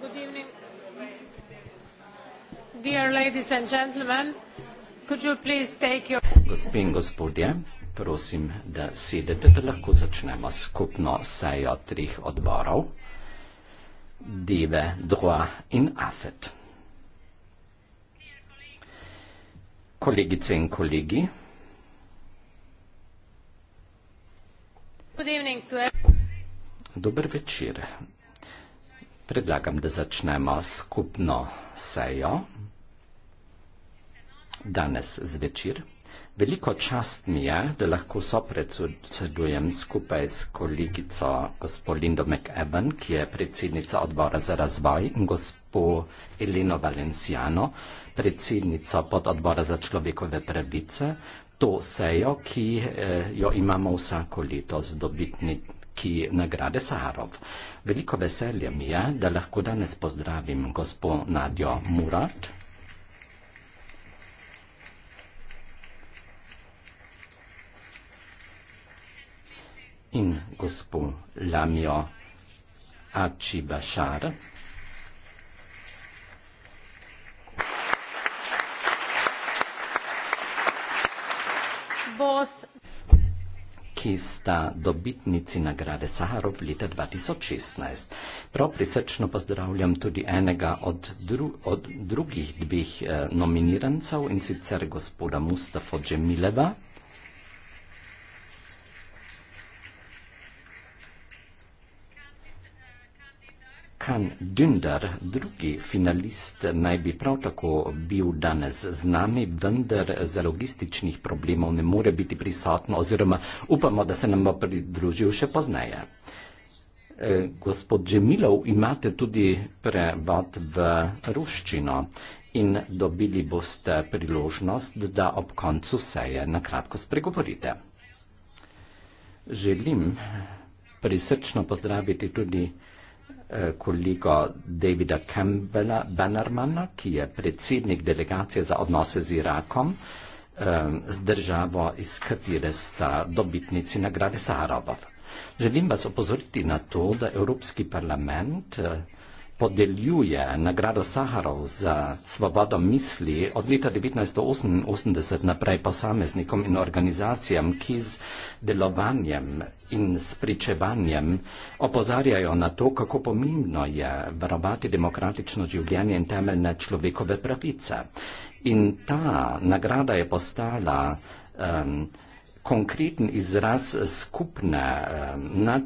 Good evening. Dear ladies and gentlemen, could you please take your... Gospe in gospodje, prosim, da sedete, da lahko začnemo skupno sejo trih odborov, Deve, Droa in Afet. Kolegice in kolegi, Dober večer predlagam, da začnemo skupno sejo danes zvečer. Veliko čast mi je, da lahko sopredsedujem skupaj s kolegico gospod Lindo McEwan, ki je predsednica odbora za razvoj, in gospod Elino Valenciano, predsednica pod odbora za človekove pravice, to sejo, ki eh, jo imamo vsako leto z dobitnikom ki nagrade Saharov. Veliko veselje mi je, da lahko danes pozdravim gospo Nadjo Murat. In gospod Lamijo Ačibašar. Boss ki sta dobitnici nagrade Saharov leta 2016. Prav prisrčno pozdravljam tudi enega od, dru, od drugih dveh eh, nominirancev in sicer gospoda Mustafa Džemileva. Kan Dündar, drugi finalist, naj bi prav tako bil danes z nami, vendar za logističnih problemov ne more biti prisotno oziroma upamo, da se nam bo pridružil še pozneje. E, gospod Džemilov, imate tudi prevod v ruščino in dobili boste priložnost, da ob koncu seje nakratko spregovorite. Želim prisrčno pozdraviti tudi vsega, Eh, kolego Davida Campbella Bannermana, ki je predsednik delegacije za odnose z Irakom, eh, z državo, iz katere sta dobitnici nagrade Saharova. Želim vas opozoriti na to, da Evropski parlament eh, podeljuje nagrado Saharov za svobodo misli od leta 1988 naprej posameznikom in organizacijam, ki z delovanjem in spričevanjem opozarjajo na to, kako pomembno je varovati demokratično življenje in temeljne človekove pravice. In ta nagrada je postala um, konkreten izraz skupne, eh, nad,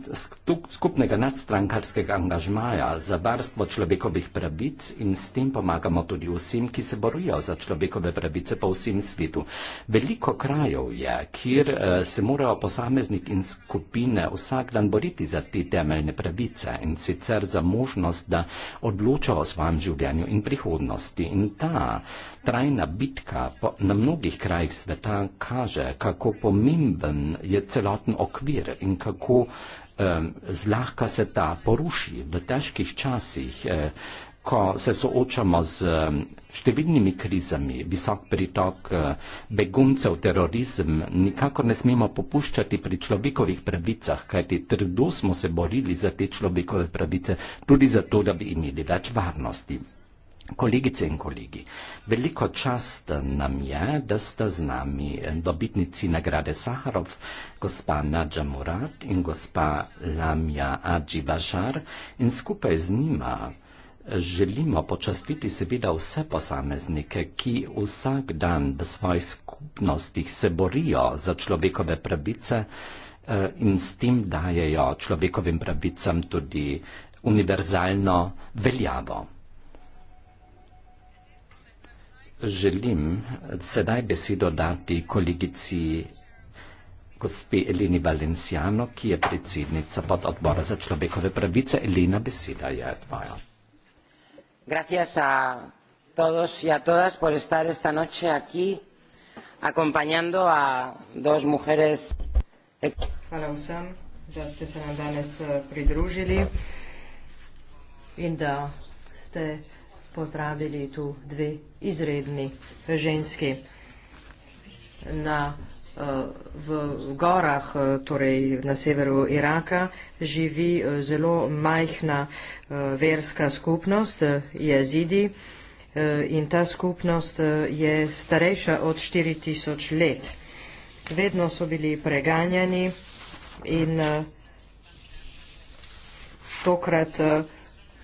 skupnega nadstrankarskega angažmaja za varstvo človekovih pravic in s tem pomagamo tudi vsem, ki se borijo za človekove pravice po vsem svetu. Veliko krajev je, kjer eh, se morajo posameznik in skupine vsak dan boriti za te temeljne pravice in sicer za možnost, da odločajo o svojem življenju in prihodnosti. In ta, Trajna bitka na mnogih krajih sveta kaže, kako pomemben je celoten okvir in kako eh, zlahka se ta poruši v težkih časih, eh, ko se soočamo z eh, številnimi krizami, visok pritok eh, beguncev, terorizem. Nikakor ne smemo popuščati pri človekovih pravicah, kajti trdo smo se borili za te človekove pravice, tudi zato, da bi imeli več varnosti. Kolegice in kolegi, veliko čast nam je, da ste z nami dobitnici nagrade Saharov, gospa Nadja Murad in gospa Lamja Adji Bažar in skupaj z njima želimo počastiti seveda vse posameznike, ki vsak dan v svojih skupnostih se borijo za človekove pravice eh, in s tem dajejo človekovim pravicam tudi univerzalno veljavo. želim sedaj besedo dati kolegici gospe Eleni Valenciano, ki je predsednica pod odbora za človekove pravice. Elena, beseda je tvoja. Gracias a todos y a todas por estar esta noche aquí acompañando a dos mujeres. Hvala vsem, da ste se nam danes eh, pridružili in da ste pozdravili tu dve izredni ženski. Na, eh, v gorah, eh, torej na severu Iraka, živi eh, zelo majhna verska skupnost jezidi in ta skupnost je starejša od 4000 let. Vedno so bili preganjani in tokrat uh,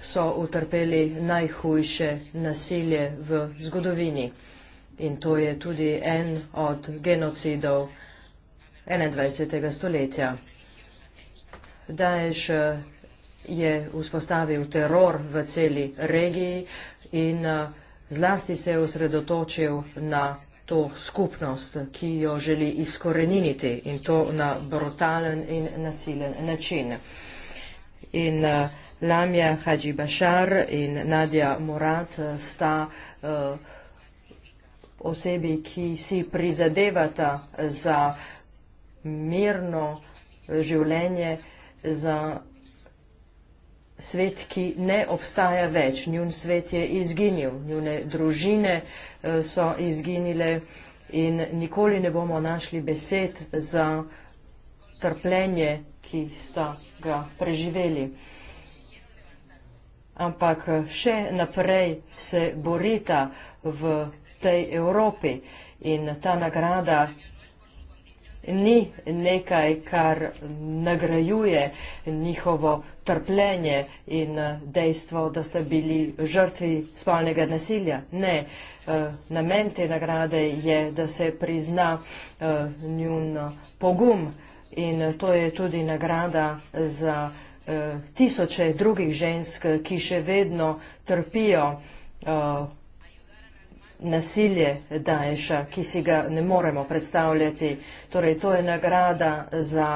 so utrpeli najhujše nasilje v zgodovini. In to je tudi en od genocidov 21. stoletja. Daesh eh, je vzpostavil teror v celi regiji in eh, zlasti se je osredotočil na to skupnost, ki jo želi izkoreniniti in to na brutalen in nasilen način. In uh, Lamia Haji Bashar in Nadja Murat eh, sta eh, osebi, ki si prizadevata za mirno eh, življenje, za svet, ki ne obstaja več. Njun svet je izginil, njune družine so izginile in nikoli ne bomo našli besed za trpljenje, ki sta ga preživeli ampak eh, še naprej se borita v tej Evropi in ta nagrada ni nekaj, kar nagrajuje njihovo trpljenje in eh, dejstvo, da ste bili žrtvi spolnega nasilja. Ne, eh, namen te nagrade je, da se prizna njun pogum in to je tudi nagrada za vsega, Eh, tisoče drugih žensk, ki še vedno trpijo eh, nasilje Daješa, ki si ga ne moremo predstavljati. Torej, to je nagrada za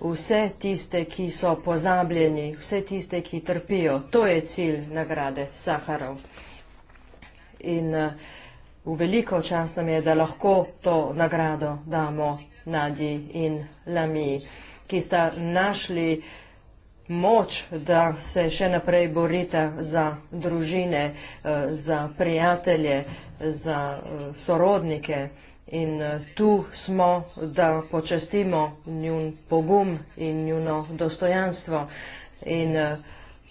vse tiste, ki so pozabljeni, vse tiste, ki trpijo. To je cilj nagrade Saharov. In eh, v veliko čas nam je, da lahko to nagrado damo Nadi in Lami, ki sta našli nagrado moč, da se še naprej borite za družine, eh, za prijatelje, za eh, sorodnike. In eh, tu smo, da počestimo njun pogum in njuno dostojanstvo. In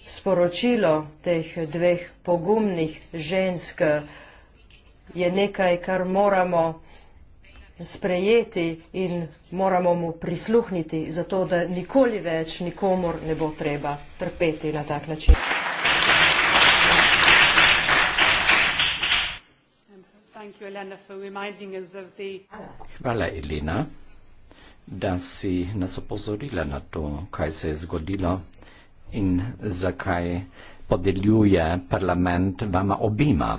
sporočilo teh dveh pogumnih žensk je nekaj, kar moramo sprejeti in moramo mu prisluhniti, zato da nikoli več nikomor ne bo treba trpeti na tak način. Hvala, Elena, da si nas opozorila na to, kaj se je zgodilo in zakaj podeljuje parlament vama obima,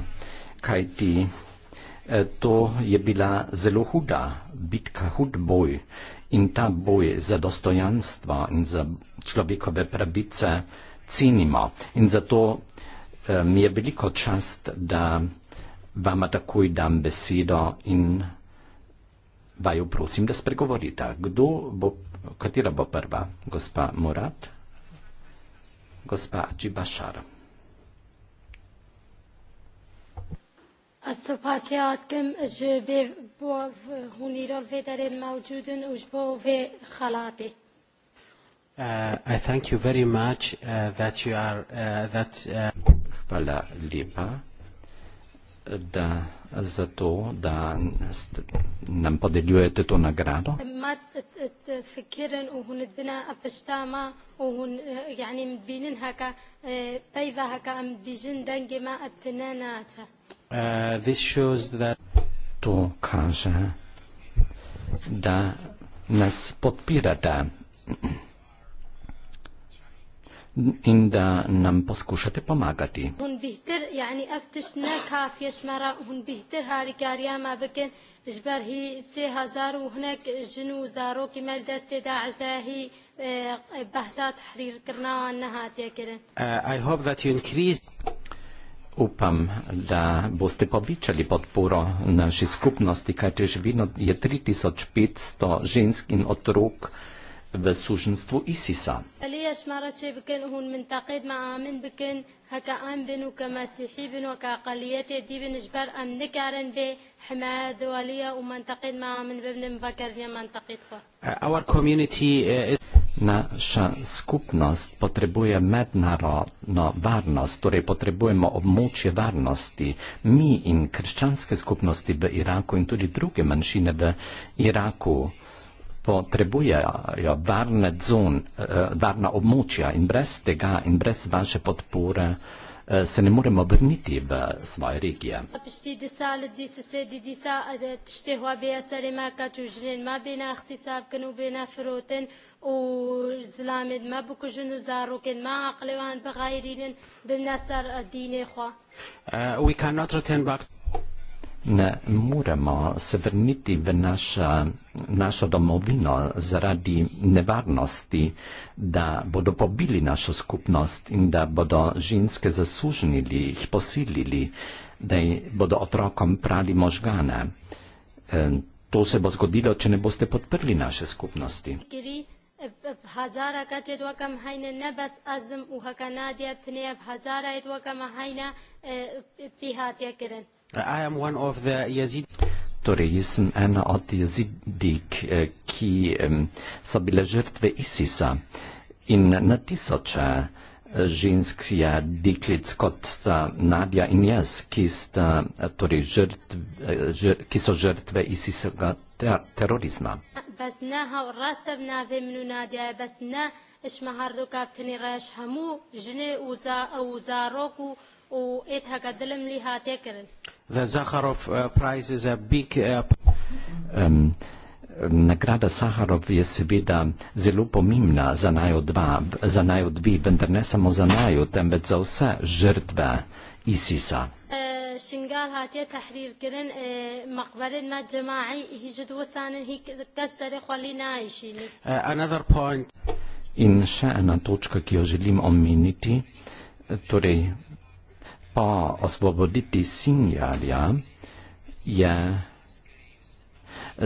kaj ti Eh, to je bila zelo huda bitka, hud boj. In ta boj za dostojanstvo in za človekove pravice cenimo. In zato eh, mi je veliko čast, da vama takoj dam besedo in vaju prosim, da spregovorite. Kdo bo, katera bo prva? Gospa Murat? Gospa Džibašar. Gospa Džibašar. از سپاسی آدکم از به هونی رو ویدارید موجودن از به وی خلاده Uh, I thank you very much uh, that you are uh, that uh, Hvala uh, lepa da za to da nam podeljujete to nagrado Mat fikiren u hunet bina apshtama u hun eh, yani binin haka bayva eh, haka am bijin dangema abtinana cha Uh, this shows that to kaže, da nas podpirate in da nam poskušate pomagati. Eh, uh, I hope that you increase upam, da boste povečali podporo naši skupnosti, kajte še vedno je 3500 žensk in otrok v suženstvu ISISA. Uh, our community uh, is... Naša skupnost potrebuje mednarodno varnost, torej potrebujemo območje varnosti. Mi in krščanske skupnosti v Iraku in tudi druge manjšine v Iraku potrebujejo varne zon, eh, varna območja in brez tega in brez vaše podpore Eh, se ne moremo obrniti v svoje regije. Uh, we cannot return back ne moremo se vrniti v naša, našo domovino zaradi nevarnosti, da bodo pobili našo skupnost in da bodo ženske zasužnili, jih posilili, da bodo otrokom prali možgane. E, to se bo zgodilo, če ne boste podprli naše skupnosti. E, e, Hvala. Torej, jaz sem ena od jezidik, eh, ki so bile žrtve ISIS-a in na tisoče eh, žensk je deklic kot sta Nadja in jaz, ki, sta, eh, torej, žrtv, žr, ki so žrtve ISIS-ega ter, terorizma. Uza, E The Zakharov uh, Prize is a big uh, um, Nagrada Saharov je seveda zelo pomembna za najo dva, za najo dvi, vendar ne samo za najo, temveč za vse žrtve ISIS-a. E, e uh, in še ena točka, ki jo želim omeniti, torej pa osvoboditi Sinjarja, je,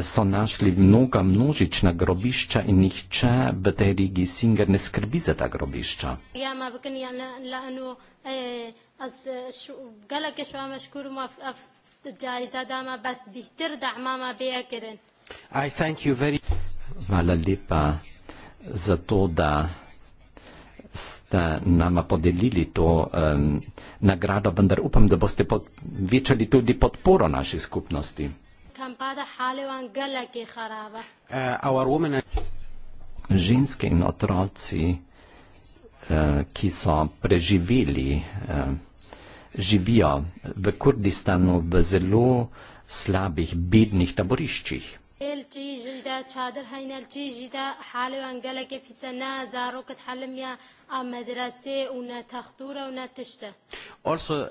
so našli mnoga množična grobišča in nihče v tej regiji Singer ne skrbi za ta grobišča. Hvala lepa za to, da da eh, nama podelili to um, nagrado, vendar upam, da boste večali tudi podporo naši skupnosti. Eh, Ženske in otroci, ki so preživeli, živijo v Kurdistanu v zelo slabih, bednih taboriščih. چادر هینل چی جدا حال وان گلک پیس نه زاروکت حلم یا مدرسه و نه تختور و نه تشته also uh,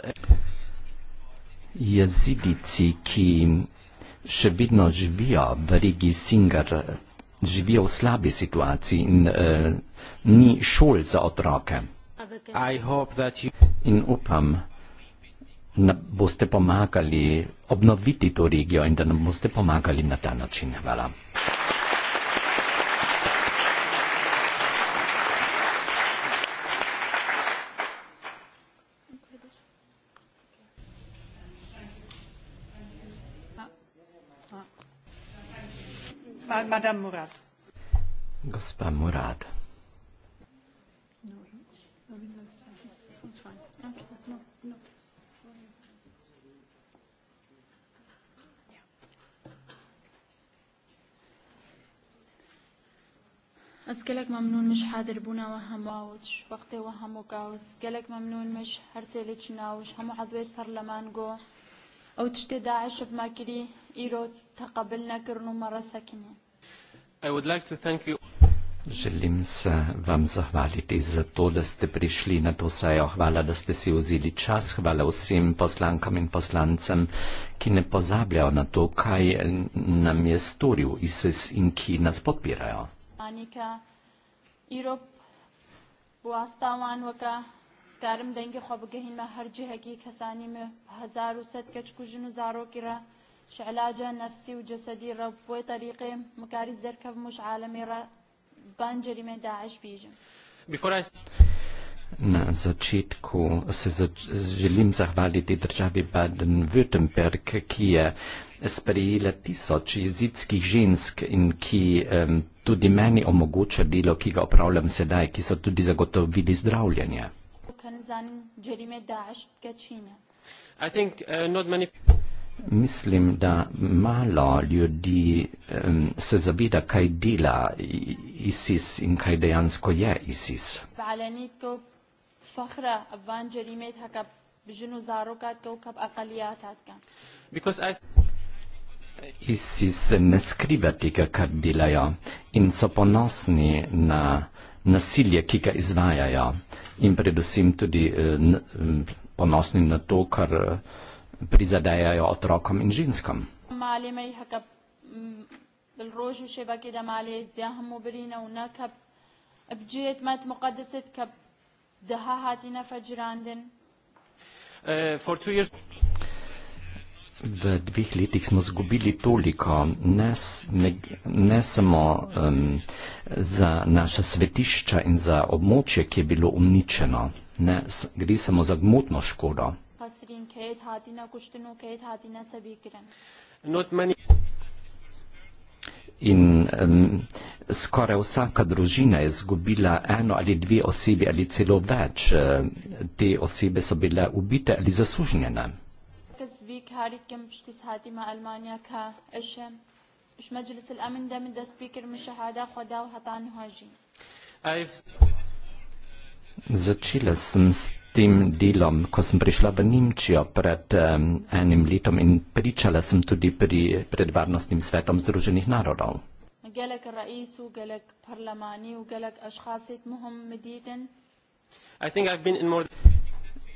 jezidici ki še vedno živijo v regiji Singer živijo v slabi situaciji in uh, ni šol za otroke. You... In upam, da boste pomagali obnoviti to regijo in da nam boste pomagali na ta način. Hvala. gospa Murad. از گلگ ممنون مش حاضر بونا و هم آوزش وقتی و هم و گاوز گلگ ممنون مش هر سیلی چی ناوش همو عضویت پرلمان گو او تشتي داعش بما كري إيرو تقبلنا كرنو مرة ساكنة I would like to thank you Želim se vam zahvaliti za to, da ste prišli na to sejo. Hvala, da ste si vzeli čas. Hvala vsem poslankam in poslancem, ki ne pozabljajo na to, kaj nam je storil ISIS in ki nas podpirajo. Anika, Irop, Buastavan, Vaka. سکارم دنگ خواب گهین ما هر جهه کی کسانی مه هزار و صد کچ کو جنو زارو کرا شعلاج نفسی و جسدی را بو طریقه مکاری زرکف مش عالمی را بانجری من داعش بیجم Na začetku se za, želim zahvaliti državi Baden-Württemberg, ki je sprejela tisoč jezidskih žensk in ki um, tudi meni omogoča delo, ki ga opravljam sedaj, ki so tudi zagotovili zdravljenje. Uh, Mislim, da malo ljudi um, se zaveda, kaj dela ISIS in kaj dejansko je ISIS. ISIS ne skriva tega, kar delajo in so ponosni na nasilje, ki ga izvajajo in predvsem tudi eh, ponosni na to, kar eh, prizadejajo otrokom in ženskam. Uh, for two years. V dveh letih smo zgubili toliko, ne, ne, ne samo um, za naša svetišča in za območje, ki je bilo uničeno, ne, gre samo za gmotno škodo. In um, skoraj vsaka družina je zgubila eno ali dve osebi ali celo več. Te osebe so bile ubite ali zasužnjene. امريكا هاريك يم بشتس هاتي مع المانيا كا اشم اش مجلس الامن ده من ده سبيكر مش هادا خدا وهطان هاجي Začela sem s tem delom, ko sem prišla v Nemčijo pred um, enim letom in pričala sem tudi pri, pred Varnostnim svetom Združenih narodov. Than...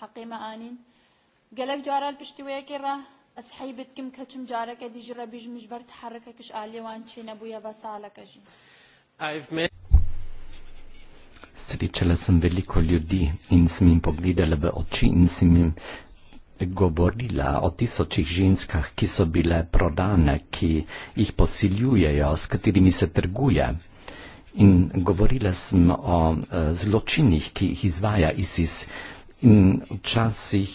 حقي ما آنين قالك جارال بشتوية كرا أصحي بتكم كتم جارك دي جرا بيج مجبر تحركك كش آلي وان شين أبويا بسالك أجي I've met Srečala sem veliko ljudi in sem jim pogledala v oči in sem jim govorila o tisočih ženskah, ki so bile prodane, ki jih posiljujejo, s katerimi se trguje. In govorila sem o zločinih, ki jih izvaja ISIS včasih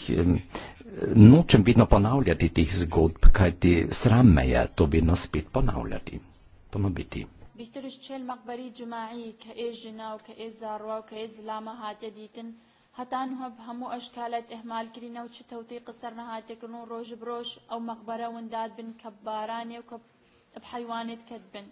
nočem vedno ponavljati teh zgodb, kajti sram me je to vedno spet ponavljati, ponoviti. هتان هب همو أشكالات إهمال كرينا وشي توثيق سرنا هاتي كنون روج بروش أو مقبرة ونداد بن كباراني وكب بحيوانة كدبن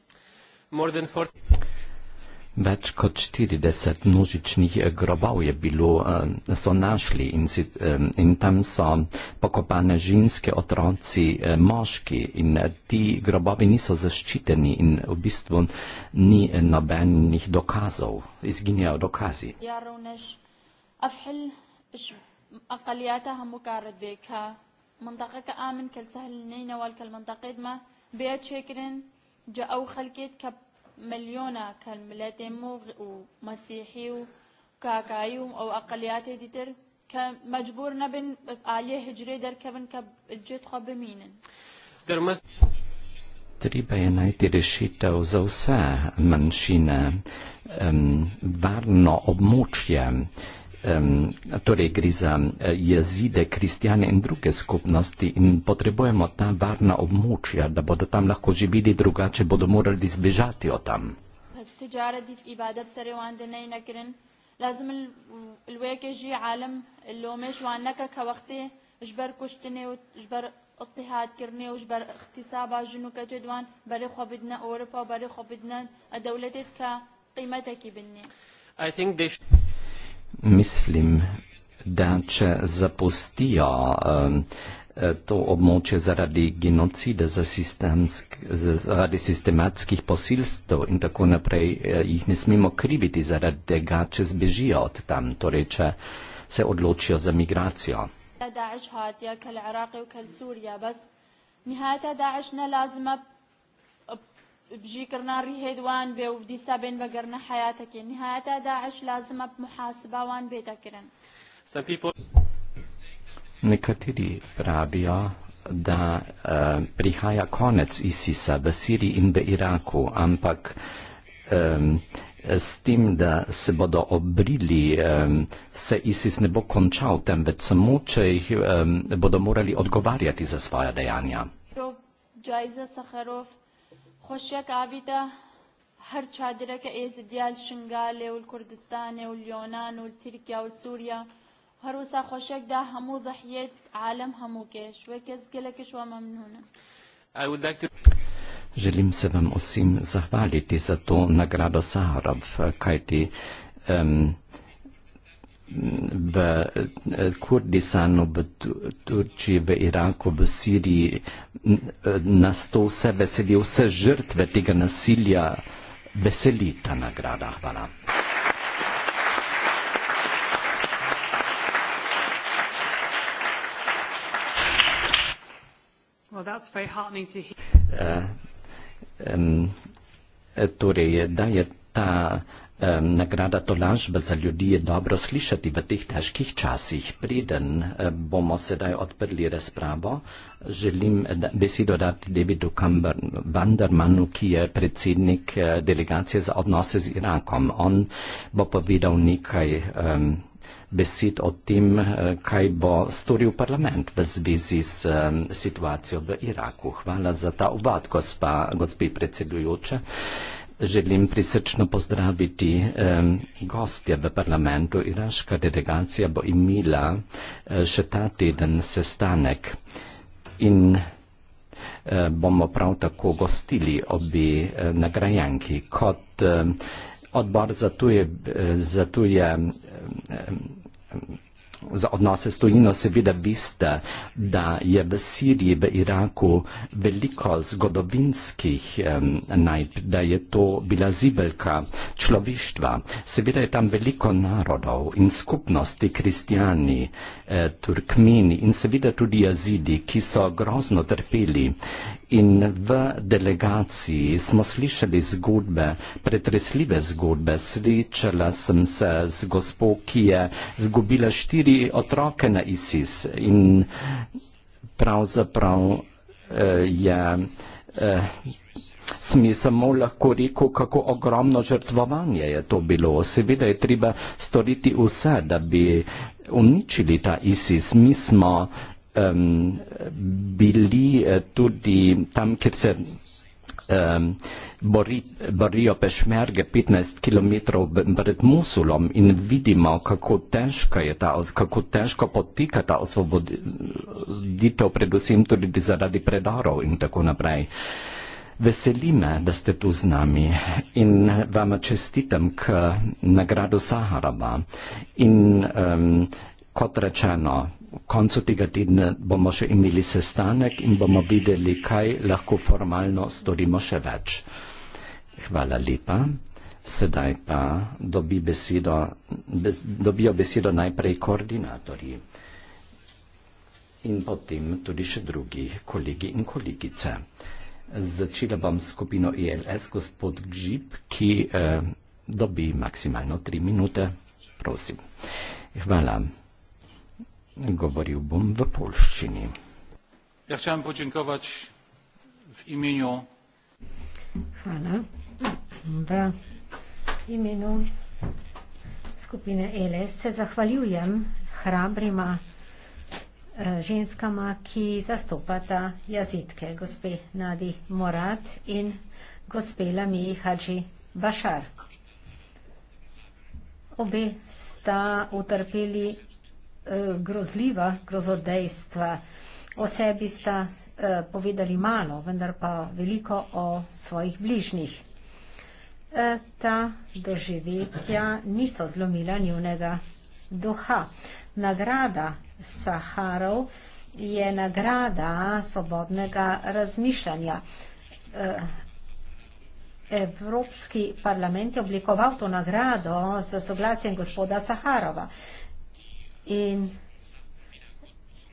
Več kot 40 nožičnih grobov je bilo, eh, so našli in, si, eh, in tam so pokopane ženske, otroci, eh, moški in ti grobovi niso zaščiteni in v bistvu ni nobenih dokazov, izginjajo dokazi. Ja, مليونه كان ملاتمو ومسيحي وكاكاي او اقليات ديتر كان مجبور نبن عليه هجري در كبن كب جيت خو بمينن در مس Treba je najti rešitev za vse manjšine, um, varno območje, um, torej gre za eh, jezide, kristjane in druge skupnosti in potrebujemo ta varna območja, da bodo tam lahko živeli drugače, bodo morali zbežati od tam. اضطهاد كرني وجبر اختصاب جنو كجدوان بري خبدنا أوروبا وبري خبدنا دولتك قيمتك بني I think they should mislim, da če zapustijo um, to območje zaradi genocida, za sistemsk, zaradi sistematskih posilstv in tako naprej, eh, jih ne smemo kriviti zaradi tega, če zbežijo od tam, torej če se odločijo za migracijo. Daesh hatija, kal Iraq, kal Surija, bas, nihajta Daesh ne lazima بجيكرنا ريهدوان بيو دي سابين بقرنا حياتك نهاية داعش لازم بمحاسبة وان بيتكرن Nekateri pravijo, da uh, prihaja konec ISIS-a v Siriji in v Iraku, ampak um, s tem, da se bodo obrili, um, se ISIS ne bo končal, temveč samo, če jih um, bodo morali odgovarjati za svoja dejanja. Jo, خوشك عبيدة هر چادرك ايز ديال شنغالي والكردستاني واليونان والتركيا والسوريا هروسا خوشك دا همو ضحية عالم همو كيش وكيز كلكش وممنونة I would like to Želim se vam osim zahvaliti za to nagrado Saharov, kajti um, v eh, Kurdistanu, v Turčiji, v Iraku, v Siriji, eh, na sto vse veseli, vse žrtve tega nasilja, veseli ta nagrada. Hvala. Well, uh, um, torej, da je ta Nagrada Tolažb za ljudi je dobro slišati v teh težkih časih. Preden eh, bomo sedaj odprli razpravo, želim besedo dati Davidu Kambr-Vandermanu, ki je predsednik eh, delegacije za odnose z Irakom. On bo povedal nekaj besed o tem, eh, kaj bo storil parlament v zvezi s situacijo v Iraku. Hvala za ta uvod, gospod predsedujoče želim prisrčno pozdraviti eh, gostje v parlamentu. Iraška delegacija bo imela eh, še ta teden sestanek in eh, bomo prav tako gostili obi eh, nagrajenki kot eh, odbor za tuje. Eh, za tuje eh, eh, za odnose s tujino, seveda veste, da je v Siriji, v Iraku veliko zgodovinskih um, najp, da je to bila zibelka človeštva. Seveda je tam veliko narodov in skupnosti, kristijani, eh, turkmeni in seveda tudi jazidi, ki so grozno trpeli In v delegaciji smo slišali zgodbe, pretresljive zgodbe. Srečala sem se z gospo, ki je zgubila štiri otroke na ISIS in pravzaprav eh, je. Eh, Smi samo lahko rekel, kako ogromno žrtvovanje je to bilo. Seveda je treba storiti vse, da bi uničili ta ISIS. Mi smo um, bili uh, tudi tam, kjer se um, bori, borijo pešmerge 15 km pred Musulom in vidimo, kako težko je ta, kako težko potika ta osvoboditev, predvsem tudi zaradi predorov in tako naprej. Veseli me, da ste tu z nami in vam čestitam k nagrado Saharaba. In um, kot rečeno, koncu tega tedna bomo še imeli sestanek in bomo videli, kaj lahko formalno storimo še več. Hvala lepa. Sedaj pa dobi besedo, be, dobijo besedo najprej koordinatorji in potem tudi še drugi kolegi in kolegice. Začela bom skupino ILS, e gospod Gžip, ki eh, dobi maksimalno tri minute. Prosim. Hvala govoril bom v polščini. Ja, chciałem podziękować w imieniu Hvala. V imenu skupine ELS se zahvaljujem hrabrima eh, ženskama, ki zastopata jazitke, gospe Nadi Morat in gospe Lami Hadži Bašar. Obe sta utrpeli uh, grozljiva, grozodejstva. O sebi sta uh, povedali malo, vendar pa veliko o svojih bližnjih. Uh, ta doživetja niso zlomila njunega duha. Nagrada Saharov je nagrada svobodnega razmišljanja. Evropski parlament je oblikoval to nagrado z soglasjem gospoda Saharova. In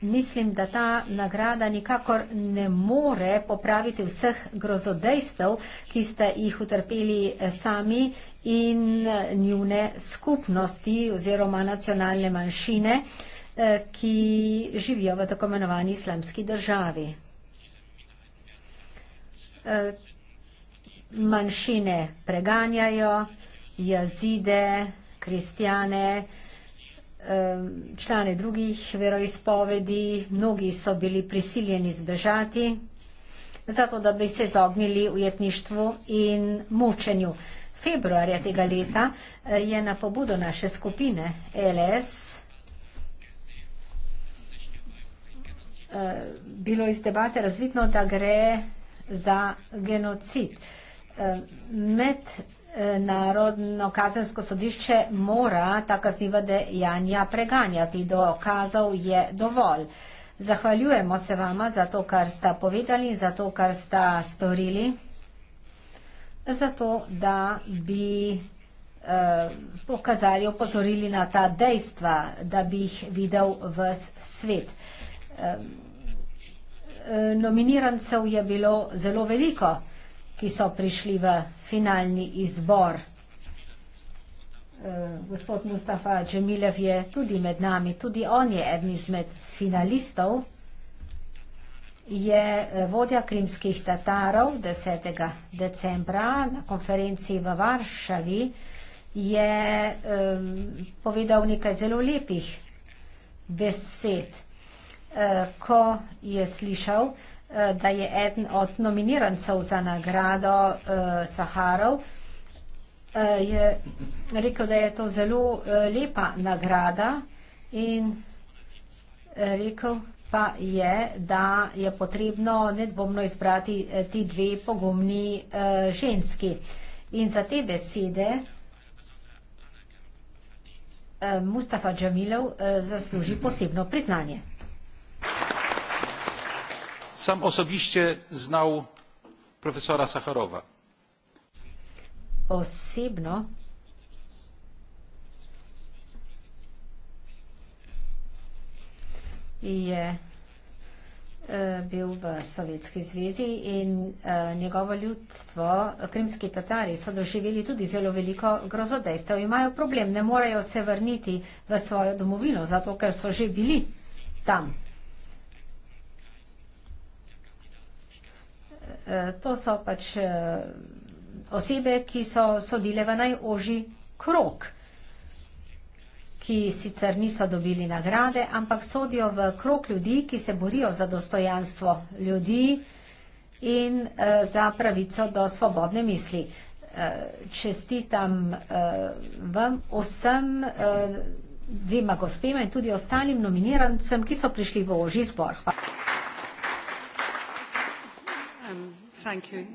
mislim, da ta nagrada nikakor ne more popraviti vseh grozodejstev, ki ste jih utrpeli eh, sami in eh, njune skupnosti oziroma nacionalne manjšine, eh, ki živijo v tako imenovani islamski državi. Manjšine preganjajo, jazide, kristjane, kristjane, člani drugih veroizpovedi, mnogi so bili prisiljeni zbežati, zato da bi se izognili ujetništvu in mučenju. Februarja tega leta eh, je na pobudo naše skupine LS eh, bilo iz debate razvidno, da gre za genocid. Eh, med narodno kazensko sodišče mora ta kazniva dejanja preganjati. Dokazov je dovolj. Zahvaljujemo se vama za to, kar sta povedali, za to, kar sta storili, za to, da bi eh, pokazali, opozorili na ta dejstva, da bi jih videl v svet. Eh, eh, nominirancev je bilo zelo veliko ki so prišli v finalni izbor. Eh, gospod Mustafa Džemilev je tudi med nami, tudi on je eden izmed finalistov, je eh, vodja krimskih Tatarov 10. decembra na konferenci v Varšavi, je um, povedal nekaj zelo lepih besed, uh, ko je slišal, uh, da je eden od nominirancev za nagrado uh, Saharov, uh, je rekel, da je to zelo uh, lepa nagrada in rekel pa je, da je potrebno nedvomno izbrati uh, ti dve pogumni uh, ženski. In za te besede uh, Mustafa Džamilov uh, zasluži posebno priznanje sam osobiście znał profesora Sacharowa? Osobno je e, bil v Sovjetski zvezi in e, njegovo ljudstvo, krimski tatari, so doživeli tudi zelo veliko grozodejstev. Imajo problem, ne morejo se vrniti v svojo domovino, zato ker so že bili tam. Eh, to so pač eh, osebe, ki so sodile v najoži krok, ki sicer niso dobili nagrade, ampak sodijo v krok ljudi, ki se borijo za dostojanstvo ljudi in eh, za pravico do svobodne misli. Čestitam vam vsem, vima gospema in tudi ostalim nominirancem, ki so prišli v oži zbor. Hvala. Thank you.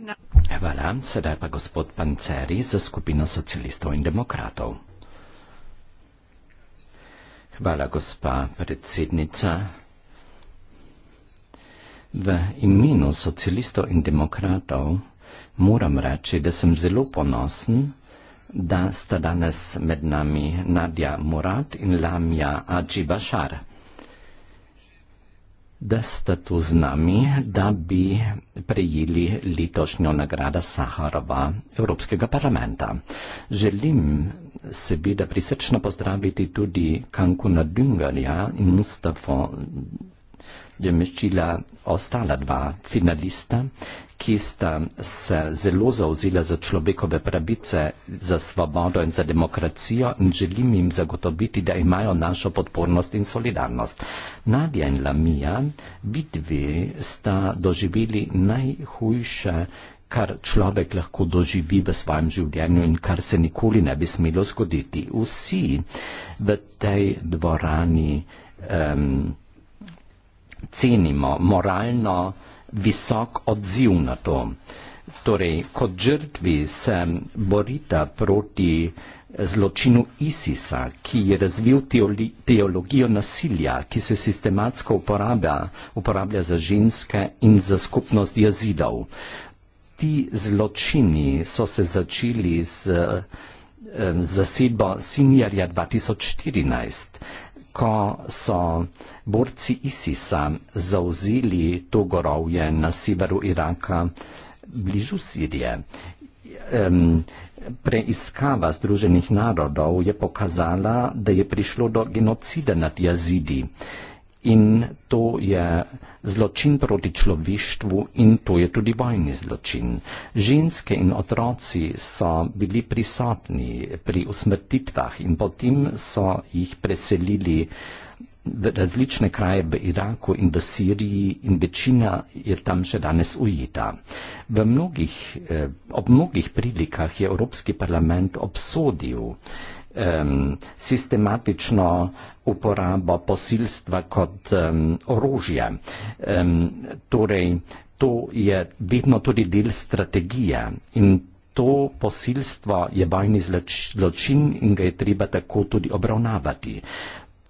Hvala. Sedaj pa gospod Panceri za skupino socialistov in demokratov. Hvala, gospa predsednica. V imenu socialistov in demokratov moram reči, da sem zelo ponosen, da sta danes med nami Nadja Murad in Lamja Adži Bašar da ste tu z nami, da bi prejeli letošnjo nagrado Saharova Evropskega parlamenta. Želim seveda prisrčno pozdraviti tudi Kankuna Düngerja in Mustafa je mešila ostala dva finalista, ki sta se zelo zauzela za človekove pravice, za svobodo in za demokracijo in želim jim zagotoviti, da imajo našo podpornost in solidarnost. Nadja in Lamija, vidvi sta doživeli najhujše kar človek lahko doživi v svojem življenju in kar se nikoli ne bi smelo zgoditi. Vsi v tej dvorani um, cenimo moralno visok odziv na to. Torej, kot žrtvi se borita proti zločinu ISISA, ki je razvil teologijo nasilja, ki se sistematsko uporablja, uporablja za ženske in za skupnost jazidov. Ti zločini so se začeli z eh, zasedbo Sinjarja 2014 ko so borci ISIS-a zauzeli to gorovje na severu Iraka, bližu Sirije. Um, preiskava Združenih narodov je pokazala, da je prišlo do genocida nad jazidi. Um, in to je zločin proti človeštvu in to je tudi vojni zločin. Ženske in otroci so bili prisotni pri usmrtitvah in potem so jih preselili v različne kraje v Iraku in v Siriji in večina je tam še danes ujeta. V mnogih, eh, ob mnogih prilikah je Evropski parlament obsodil um, sistematično uporabo posilstva kot um, orožje. Um, torej, to je vedno tudi del strategije in to posilstvo je vojni zločin in ga je treba tako tudi obravnavati.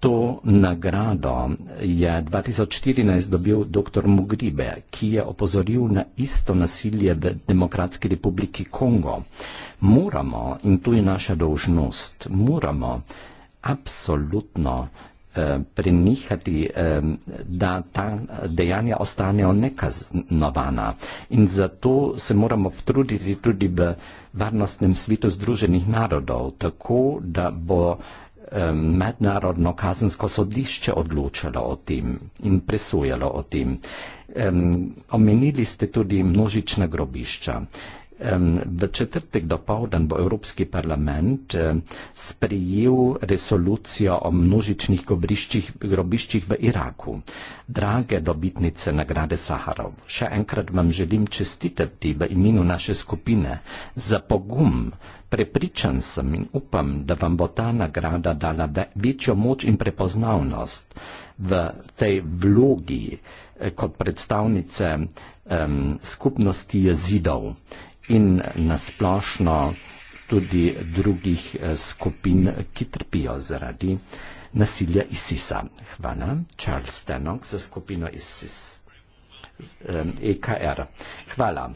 To nagrado je 2014 dobil dr. Mugribe, ki je opozoril na isto nasilje v Demokratski republiki Kongo. Moramo, in tu je naša dolžnost, moramo absolutno eh, prenihati, eh, da ta dejanja ostanejo nekaznovana. In zato se moramo potruditi tudi v varnostnem svitu Združenih narodov, tako da bo mednarodno kazensko sodišče odločilo o tem in presojalo o tem. Omenili ste tudi množična grobišča. V četrtek do povdan bo Evropski parlament sprijel resolucijo o množičnih grobiščih v Iraku. Drage dobitnice nagrade Saharov, še enkrat vam želim čestitati v imenu naše skupine za pogum. Prepričan sem in upam, da vam bo ta nagrada dala večjo moč in prepoznavnost v tej vlogi eh, kot predstavnice um, skupnosti jezidov in nasplošno tudi drugih eh, skupin, ki trpijo zaradi nasilja ISIS-a. Hvala, Charles Tenok za skupino ISIS. EKR. Eh, e Hvala,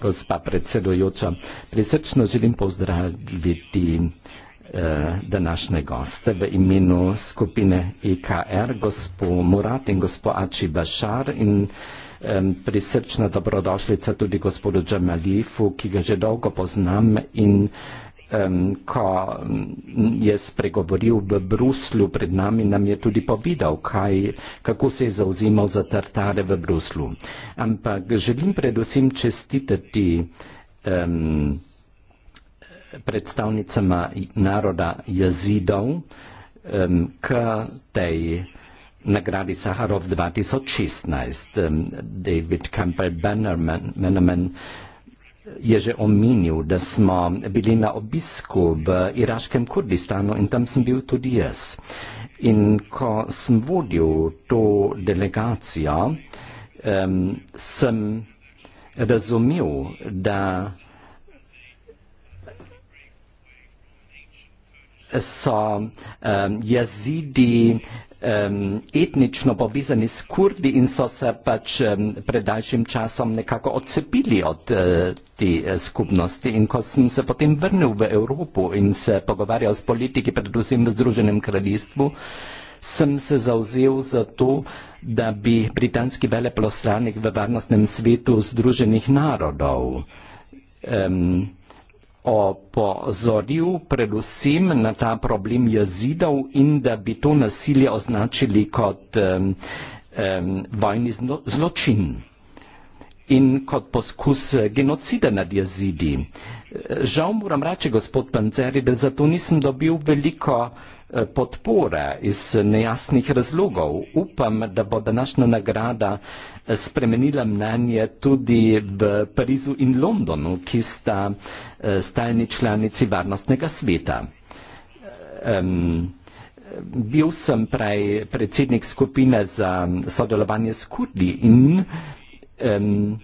gospa predsedujoča. Prisrčno želim pozdraviti eh, današnje goste v imenu skupine EKR, gospod Murat in gospod Ači Bašar in gospod prisrčna dobrodošlica tudi gospodu Džamalifu, ki ga že dolgo poznam in um, ko je spregovoril v Bruslu pred nami, nam je tudi povedal, kaj, kako se je zauzimal za tartare v Bruslu. Ampak želim predvsem čestitati um, predstavnicama naroda jezidov um, k tej Nagradi Saharov 2016, David Campbell Bannerman je že omenil, da smo bili na obisku v iraškem Kurdistanu in tam sem bil tudi jaz. In ko sem vodil to delegacijo, um, sem razumel, da so um, jezidi um, etnično povezani s kurdi in so se pač um, pred daljšim časom nekako odcepili od uh, te eh, skupnosti. In ko sem se potem vrnil v Evropo in se pogovarjal s politiki, predvsem v Združenem kraljestvu, sem se zauzel za to, da bi britanski veleposlanik v varnostnem svetu Združenih narodov um, opozoril predvsem na ta problem jezidov in da bi to nasilje označili kot um, um, vojni zločin in kot poskus eh, genocida nad jezidi. Žal moram reči, gospod Panceri, da zato nisem dobil veliko Eh, podpore iz nejasnih razlogov. Upam, da bo današnja nagrada eh, spremenila mnenje tudi v Parizu in Londonu, ki sta eh, stalni članici varnostnega sveta. Um, bil sem prej predsednik skupine za mm, sodelovanje s Kurdi in um,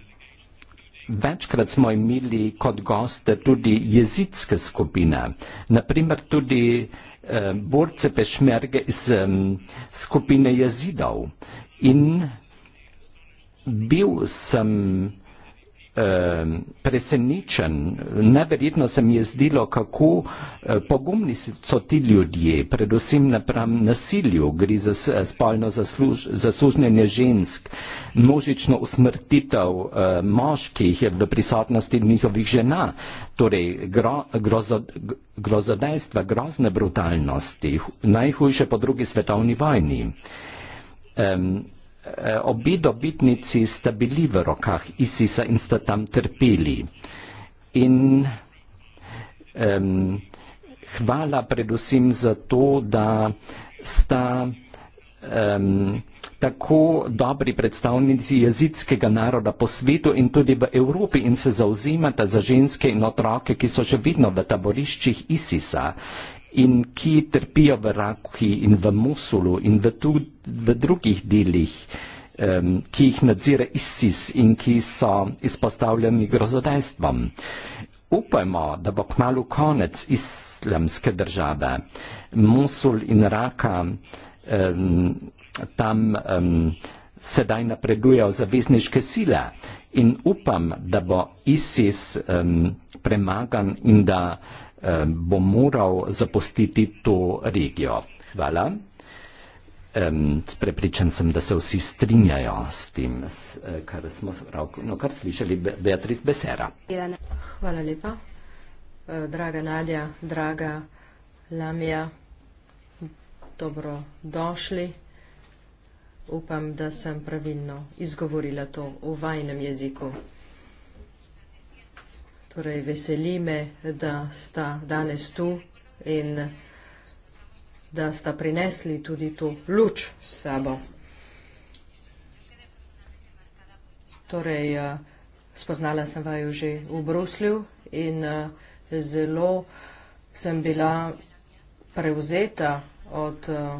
večkrat smo imeli kot goste tudi jezitske skupine. Naprimer tudi eh, borce pešmerge iz eh, skupine jezidov. In bil sem Ehm, presenečen, neverjetno se mi je zdelo, kako eh, pogumni so ti ljudje, predvsem napram nasilju, gre za spolno zaslužnjenje žensk, množično usmrtitev eh, moških v prisotnosti njihovih žena, torej gro, grozo, grozodejstva, grozne brutalnosti, najhujše po drugi svetovni vojni. Um, Eh, obi dobitnici sta bili v rokah Isisa in sta tam trpeli. In um, hvala predvsem za to, da sta um, tako dobri predstavnici jezickega naroda po svetu in tudi v Evropi in se zauzimata za ženske in otroke, ki so še vedno v taboriščih Isisa in ki trpijo v rakuhi in v musulu in v, tu, v drugih delih, um, ki jih nadzira ISIS in ki so izpostavljeni grozodajstvom. Upajmo, da bo kmalo konec islamske države. Musul in raka um, tam um, sedaj napredujejo zavezniške sile in upam, da bo ISIS um, premagan in da bo moral zapustiti to regijo. Hvala. Prepričan sem, da se vsi strinjajo s tem, eh, kar smo no, kar slišali, Beatrice Besera. Hvala lepa. E, draga Nadja, draga Lamija, dobrodošli. Upam, da sem pravilno izgovorila to v vajnem jeziku. Torej, veseli me, da sta danes tu in da sta prinesli tudi to luč s sabo. Torej, eh, spoznala sem vaju že v Bruslju in eh, zelo sem bila prevzeta od eh,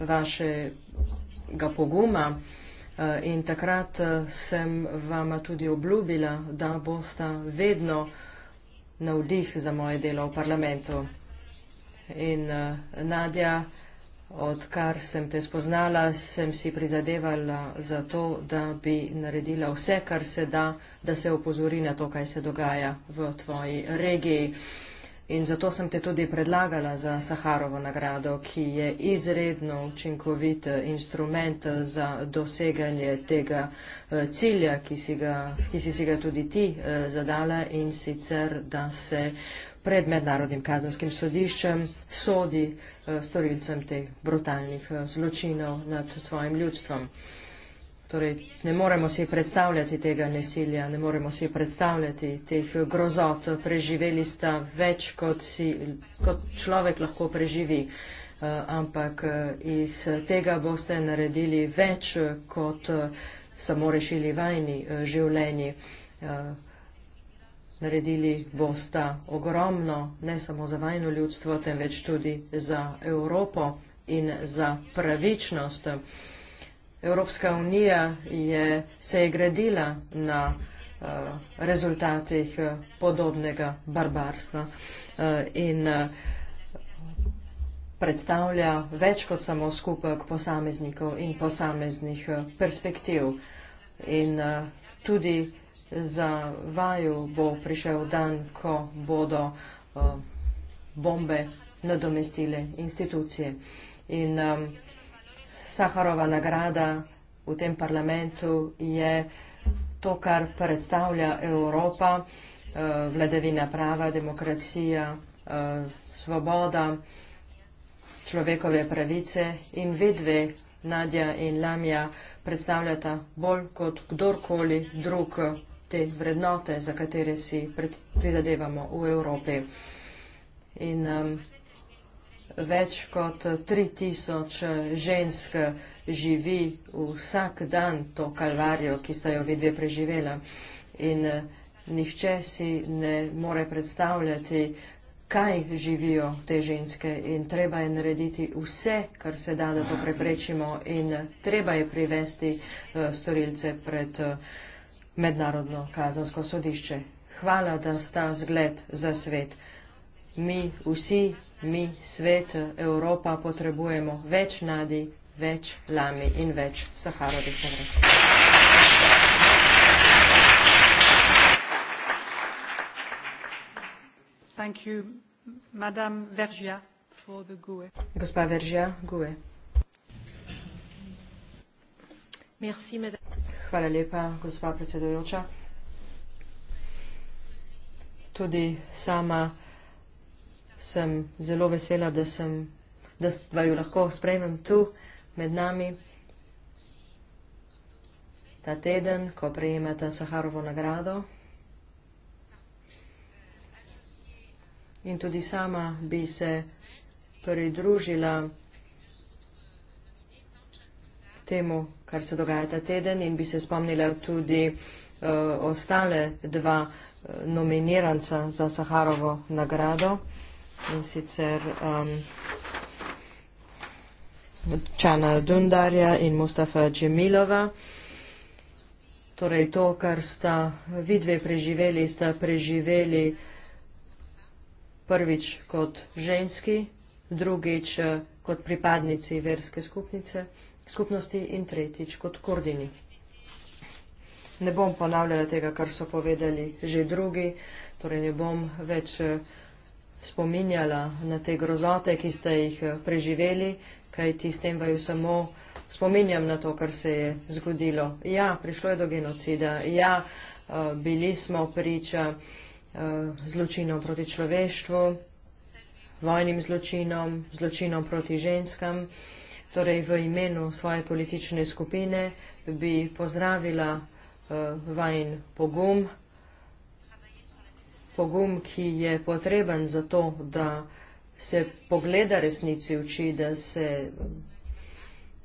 vašega poguma. Eh, in takrat eh, sem vama tudi obljubila, da boste vedno navdih za moje delo v parlamentu. In eh, Nadja, odkar sem te spoznala, sem si prizadevala za to, da bi naredila vse, kar se da, da se opozori na to, kaj se dogaja v tvoji regiji. Uh, In zato sem te tudi predlagala za Saharovo nagrado, ki je izredno učinkovit instrument za doseganje tega eh, cilja, ki si, ga, ki si si ga tudi ti eh, zadala in sicer, da se pred mednarodnim kazanskim sodiščem sodi eh, storilcem teh brutalnih zločinov nad tvojim ljudstvom. Torej, ne moremo si predstavljati tega nasilja, ne moremo si predstavljati teh grozot. Preživeli sta več, kot, si, kot človek lahko preživi, eh, ampak eh, iz tega boste naredili več, kot eh, samo rešili vajni življenji. Naredili bosta ogromno, ne samo za vajno ljudstvo, temveč tudi za Evropo in za pravičnost. Evropska unija je, se je gradila na uh, rezultatih eh, podobnega barbarstva uh, in predstavlja več kot samo skupek posameznikov in posameznih perspektiv. In uh, tudi za vaju bo prišel dan, ko bodo uh, bombe nadomestile institucije. In, um, Saharova nagrada v tem parlamentu je to, kar predstavlja Evropa, eh, vladavina prava, demokracija, eh, svoboda, človekove pravice in vedve Nadja in Lamja predstavljata bolj kot kdorkoli drug te vrednote, za katere si prizadevamo v Evropi. In um, več kot 3000 žensk živi vsak dan to kalvarijo, ki sta jo vidve preživela. In eh, nihče si ne more predstavljati, kaj živijo te ženske in treba je narediti vse, kar se da, da to preprečimo in eh, treba je privesti eh, storilce pred mednarodno kazansko sodišče. Hvala, da sta zgled za svet mi vsi, mi svet, Evropa potrebujemo več nadi, več lami in več saharovih povrh. Thank you, Madam Vergia, for the GUE. Gospa Vergia, GUE. Merci, Hvala lepa, gospa predsedujoča. Tudi sama sem zelo vesela, da sem, da sva jo lahko sprejmem tu med nami. Ta teden, ko prejemate Saharovo nagrado. In tudi sama bi se pridružila temu, kar se dogaja ta teden in bi se spomnila tudi uh, ostale dva uh, nominiranca za Saharovo nagrado in sicer um, Čana Dundarja in Mustafa Džemilova. Torej to, kar sta vidve preživeli, sta preživeli prvič kot ženski, drugič eh, kot pripadnici verske skupnice, skupnosti in tretjič kot kurdini. Ne bom ponavljala tega, kar so povedali že drugi, torej ne bom več eh, spominjala na te grozote, ki ste jih eh, preživeli, kaj ti s tem vaju samo spominjam na to, kar se je zgodilo. Ja, prišlo je do genocida, ja, eh, bili smo priča eh, zločinom proti človeštvu, vojnim zločinom, zločinom proti ženskam. Torej, v imenu svoje politične skupine bi pozdravila uh, vajen pogum, pogum, ki je potreben za to, da se pogleda resnici v oči, da se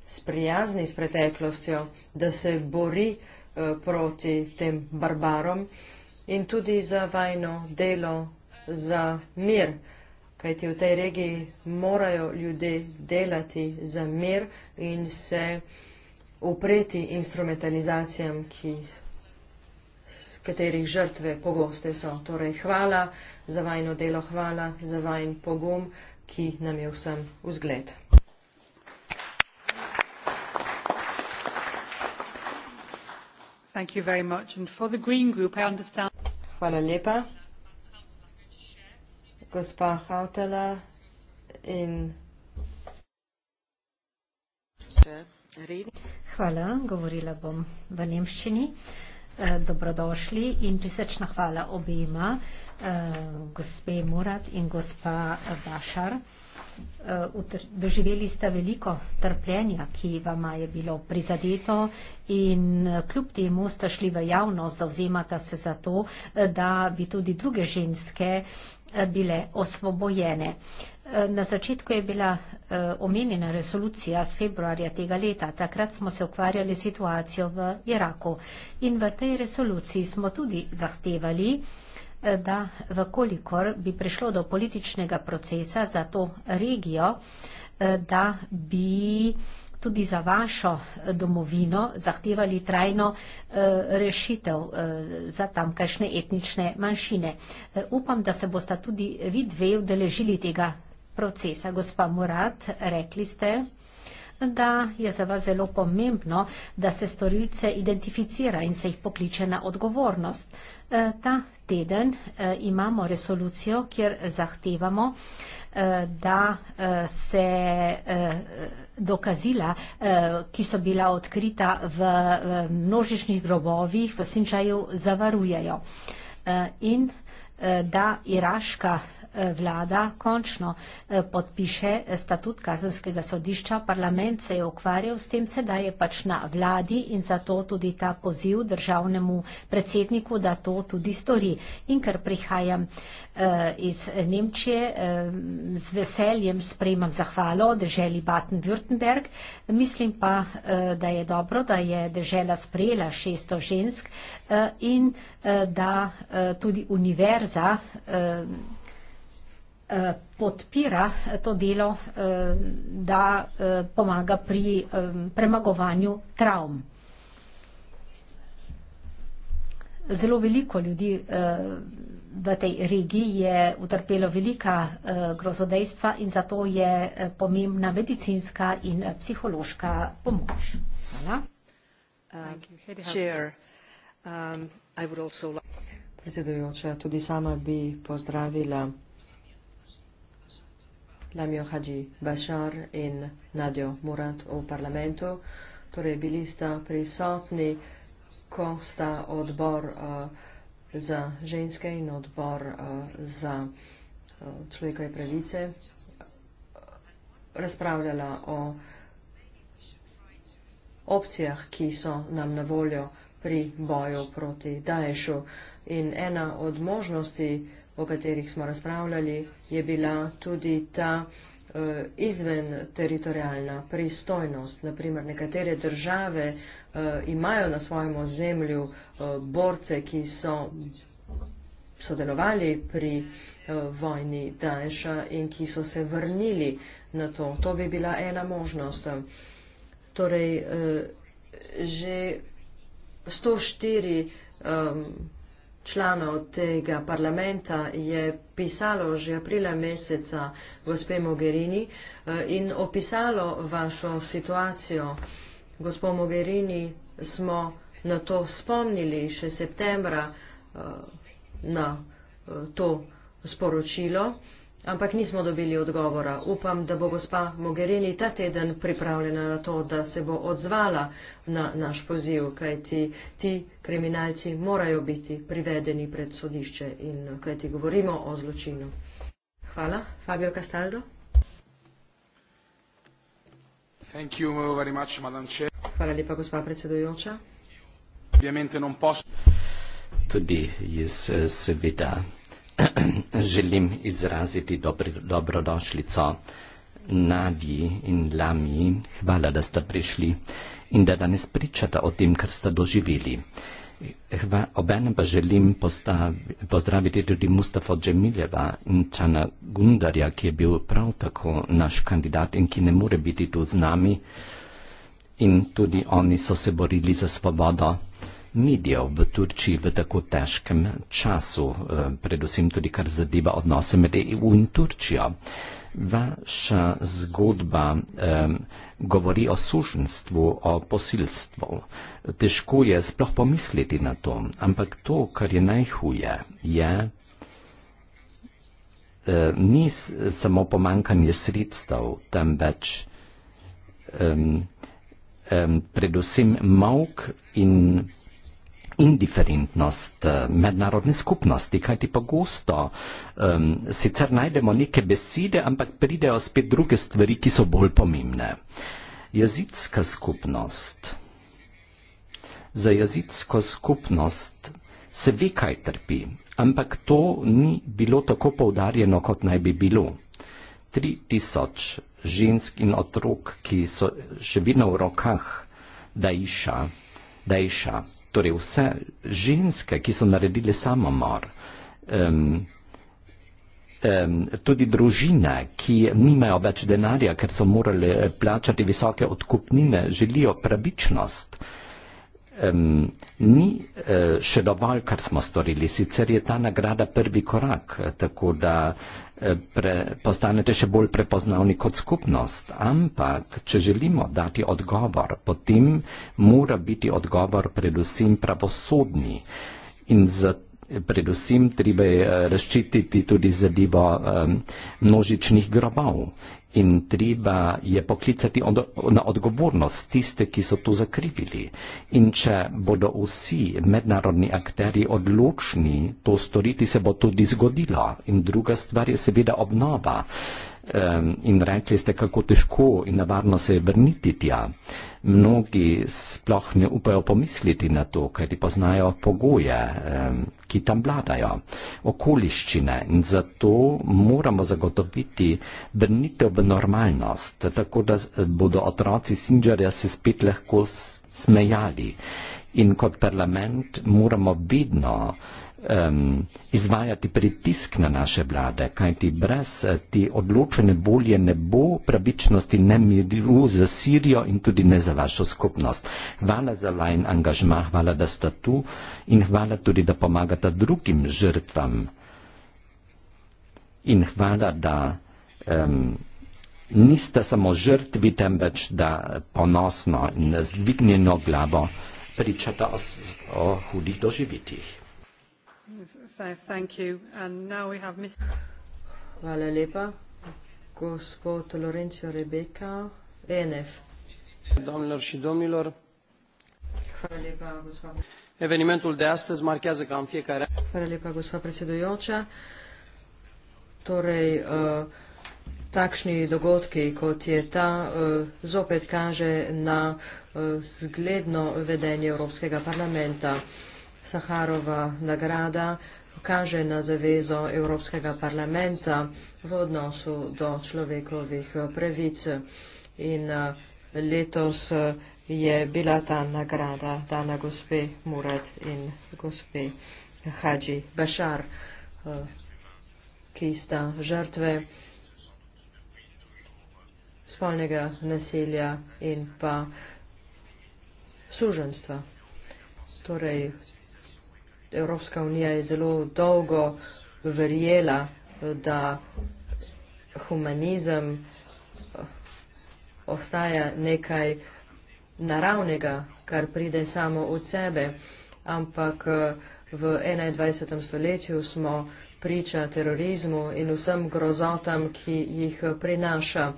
sprijazni s preteklostjo, da se bori eh, proti tem barbarom in tudi za vajno delo, za mir, kajti v tej regiji morajo ljudje delati za mir in se upreti instrumentalizacijam, ki katerih žrtve pogoste so. Torej, hvala za vajno delo, hvala za vajen pogum, ki nam je vsem vzgled. Hvala lepa. Gospa Hautela in. Hvala, govorila bom v nemščini. Uh, Eh, dobrodošli in prisrčna hvala obema, eh, gospe Murat in gospa Bašar. Eh, doživeli ste veliko trpljenja, ki vama je bilo prizadeto in kljub temu ste šli v javnost, zauzemate se za to, da bi tudi druge ženske bile osvobojene. Uh, Na začetku je bila eh, omenjena resolucija z februarja tega leta. Takrat smo se ukvarjali situacijo v Iraku in v tej resoluciji smo tudi zahtevali, eh, da vkolikor bi prišlo do političnega procesa za to regijo, eh, da bi tudi za vašo domovino zahtevali trajno rešitev za tamkajšnje etnične manjšine. Upam, da se boste tudi vi dve udeležili tega procesa. Gospa Murat, rekli ste, da je za vas zelo pomembno, da se storilce identificira in se jih pokliče na odgovornost. E, ta teden e, imamo resolucijo, kjer zahtevamo, e, da se dokazila, ki so bila odkrita v množičnih grobovih v Sinčaju, zavarujejo. In da iraška Eh, vlada končno eh, podpiše statut kazenskega sodišča. Parlament se je ukvarjal s tem, sedaj je pač na vladi in zato tudi ta poziv državnemu predsedniku, da to tudi stori. In ker prihajam eh, iz Nemčije, z veseljem sprejemam zahvalo drželi Baden-Württemberg. Mislim pa, da je dobro, da je držela sprejela 600 žensk in da tudi univerza podpira eh, to delo, eh, da eh, pomaga pri premagovanju travm. Zelo veliko ljudi v tej regiji je utrpelo velika grozodejstva in zato je pomembna medicinska in psihološka pomoč. Hvala. Um, Predsedujoča, tudi sama bi pozdravila Lamio Haji Bashar in Nadjo Murat v parlamentu. Torej, bili sta prisotni, ko sta odbor uh, za ženske in odbor uh, za uh, človekove pravice razpravljala o opcijah, ki so nam na voljo pri boju proti Daješu. In ena od možnosti, o katerih smo razpravljali, je bila tudi ta eh, izven teritorijalna pristojnost. Naprimer, nekatere države eh, imajo na svojem ozemlju eh, borce, ki so sodelovali pri vojni Daješa in ki so se vrnili na to. To bi bila ena možnost. Torej, že 104 um, članov tega parlamenta je pisalo že aprila meseca gospe Mogherini uh, in opisalo vašo situacijo. Gospo Mogherini smo na to spomnili še septembra uh, na uh, to sporočilo. Ampak nismo dobili odgovora. Upam, da bo gospa Mogherini ta teden pripravljena na to, da se bo odzvala na naš poziv, kajti ti kriminalci morajo biti privedeni pred sodišče in kajti govorimo o zločinu. Hvala. Fabio Castaldo. Much, Hvala lepa, gospa predsedujoča. Tudi jaz eh, seveda. želim izraziti dobro, dobrodošlico Nadji in Lami. Hvala, da ste prišli in da danes pričate o tem, kar ste doživeli. Obenem pa želim postavi, pozdraviti tudi Mustafa Džemileva in Čana Gundarja, ki je bil prav tako naš kandidat in ki ne more biti tu z nami. In tudi oni so se borili za svobodo medijev v Turčiji v tako težkem času, eh, predvsem tudi kar zadeva odnose med EU in Turčijo. Vaša zgodba eh, govori o suženstvu, o posilstvu. Težko je sploh pomisliti na to, ampak to, kar je najhuje, je eh, ni samo pomankanje sredstev, temveč eh, eh, predvsem mavk in indiferentnost eh, mednarodne skupnosti, kajti pogosto um, sicer najdemo neke besede, ampak pridejo spet druge stvari, ki so bolj pomembne. Jezitska skupnost. Za jezitsko skupnost se ve, kaj trpi, ampak to ni bilo tako poudarjeno, kot naj bi bilo. 3000 žensk in otrok, ki so še vedno v rokah, da iša, da iša torej vse ženske, ki so naredili samomor, um, um, tudi družine, ki nimajo več denarja, ker so morali plačati visoke odkupnine, želijo pravičnost. Um, ni uh, še dovolj, kar smo storili, sicer je ta nagrada prvi korak, tako da pre, postanete še bolj prepoznavni kot skupnost. Ampak, če želimo dati odgovor, potem mora biti odgovor predvsem pravosodni. In za, predvsem treba je eh, razčititi tudi zadevo um, množičnih grobov in treba je poklicati od, na odgovornost tiste, ki so to zakrivili. In če bodo vsi mednarodni akteri odločni to storiti, se bo tudi zgodilo. In druga stvar je seveda obnova um, in rekli ste, kako težko in nevarno se je vrniti tja. Mnogi sploh ne upajo pomisliti na to, ker ti poznajo pogoje, um, ki tam vladajo, okoliščine in zato moramo zagotoviti vrnitev v normalnost, tako da bodo otroci Sinjarja se spet lahko smejali. In kot parlament moramo vedno um, izvajati pritisk na naše vlade, kajti brez eh, te odločene bolje ne bo pravičnosti ne miru za Sirijo in tudi ne za vašo skupnost. Hvala za vajen angažma, hvala, da ste tu in hvala tudi, da pomagate drugim žrtvam. In hvala, da um, niste samo žrtvi, temveč da ponosno in z dvignjeno glavo pričata o, o hudih doživitih. Thank you. Now we have Ms. Hvala lepa. Gospod Lorenzo Rebeka, ENF. Domnilor și domnilor, Hvala lepa, gospa. evenimentul de astăzi marchează ca în fiecare... Hvala lepa, gospa predsedujoča. Torej, uh, takšni dogodki, kot je ta, uh, zopet kaže na uh, zgledno vedenje Evropskega parlamenta. Saharova nagrada uh, kaže na zavezo Evropskega parlamenta v odnosu do človekovih eh, pravic. In eh, letos eh, je bila ta nagrada dana gospe Murad in gospe Hadži Bašar, ki sta žrtve spolnega nasilja in pa suženstva. Torej, Evropska unija je zelo dolgo verjela, da humanizem eh, ostaja nekaj naravnega, kar pride samo od sebe, ampak eh, v 21. stoletju smo priča terorizmu in vsem grozotam, ki jih prinaša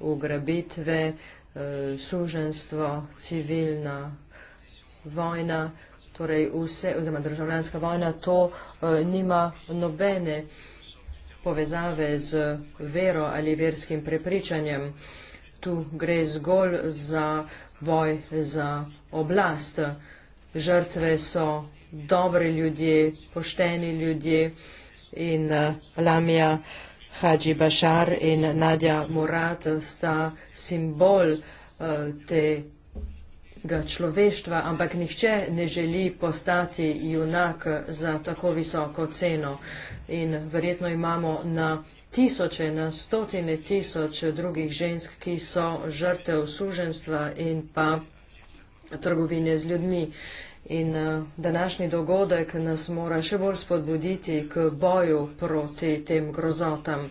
ugrabitve, eh, suženstvo, civilna vojna torej vse, oziroma državljanska vojna, to uh, nima nobene povezave z vero ali verskim prepričanjem. Tu gre zgolj za boj za oblast. Žrtve so dobri ljudje, pošteni ljudje in uh, Lamija Hadži Bašar in Nadja Murat sta simbol uh, te ga človeštva, ampak nihče ne želi postati junak za tako visoko ceno. In verjetno imamo na tisoče, na stotine tisoč drugih žensk, ki so žrte usuženstva in pa trgovine z ljudmi. In eh, današnji dogodek nas mora še bolj spodbuditi k boju proti tem grozotam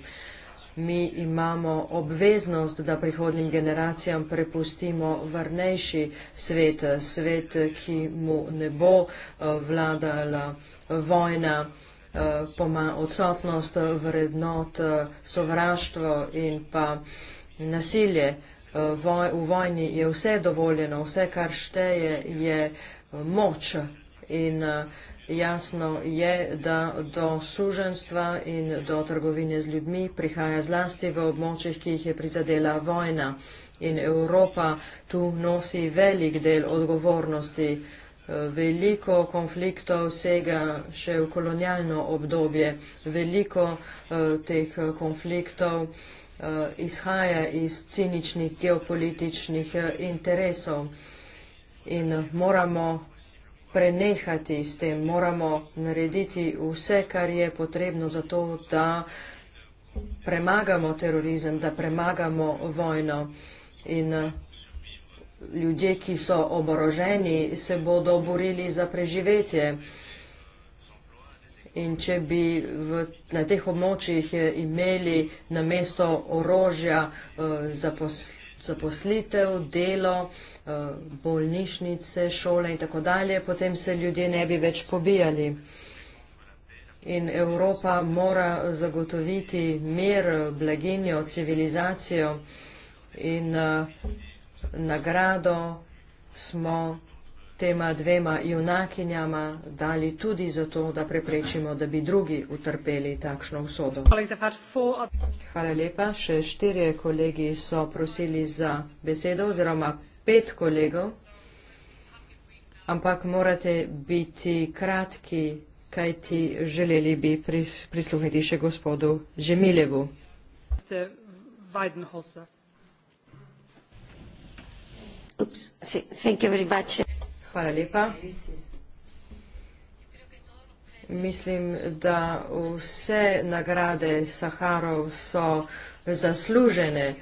mi imamo obveznost, da prihodnim generacijam prepustimo vrnejši svet, svet, ki mu ne bo eh, vladala vojna, eh, odsotnost vrednot, eh, sovraštvo in pa nasilje. V vojni je vse dovoljeno, vse, kar šteje, je moč in Jasno je, da do suženstva in do trgovine z ljudmi prihaja zlasti v območjih, ki jih je prizadela vojna. In Evropa tu nosi velik del odgovornosti. Veliko konfliktov sega še v kolonialno obdobje. Veliko eh, teh eh, konfliktov eh, izhaja iz ciničnih geopolitičnih interesov. In moramo prenehati s tem, moramo narediti vse, kar je potrebno za to, da premagamo terorizem, da premagamo vojno. In eh, ljudje, ki so oboroženi, se bodo borili za preživetje. In če bi v, na teh območjih eh, imeli na mesto orožja eh, zaposlenih, zaposlitev, delo, eh, bolnišnice, šole in tako dalje, potem se ljudje ne bi več pobijali. In Evropa mora zagotoviti mir, blaginjo, civilizacijo in eh, nagrado smo tema dvema junakinjama dali tudi zato, da preprečimo, da bi drugi utrpeli takšno usodo. Hvala lepa. Še štirje kolegi so prosili za besedo oziroma pet kolegov, ampak morate biti kratki, kaj ti želeli bi prisluhniti še gospodu Žemilevu. Oops, thank you very much. Hvala lepa. Mislim, da vse nagrade Saharov so zaslužene.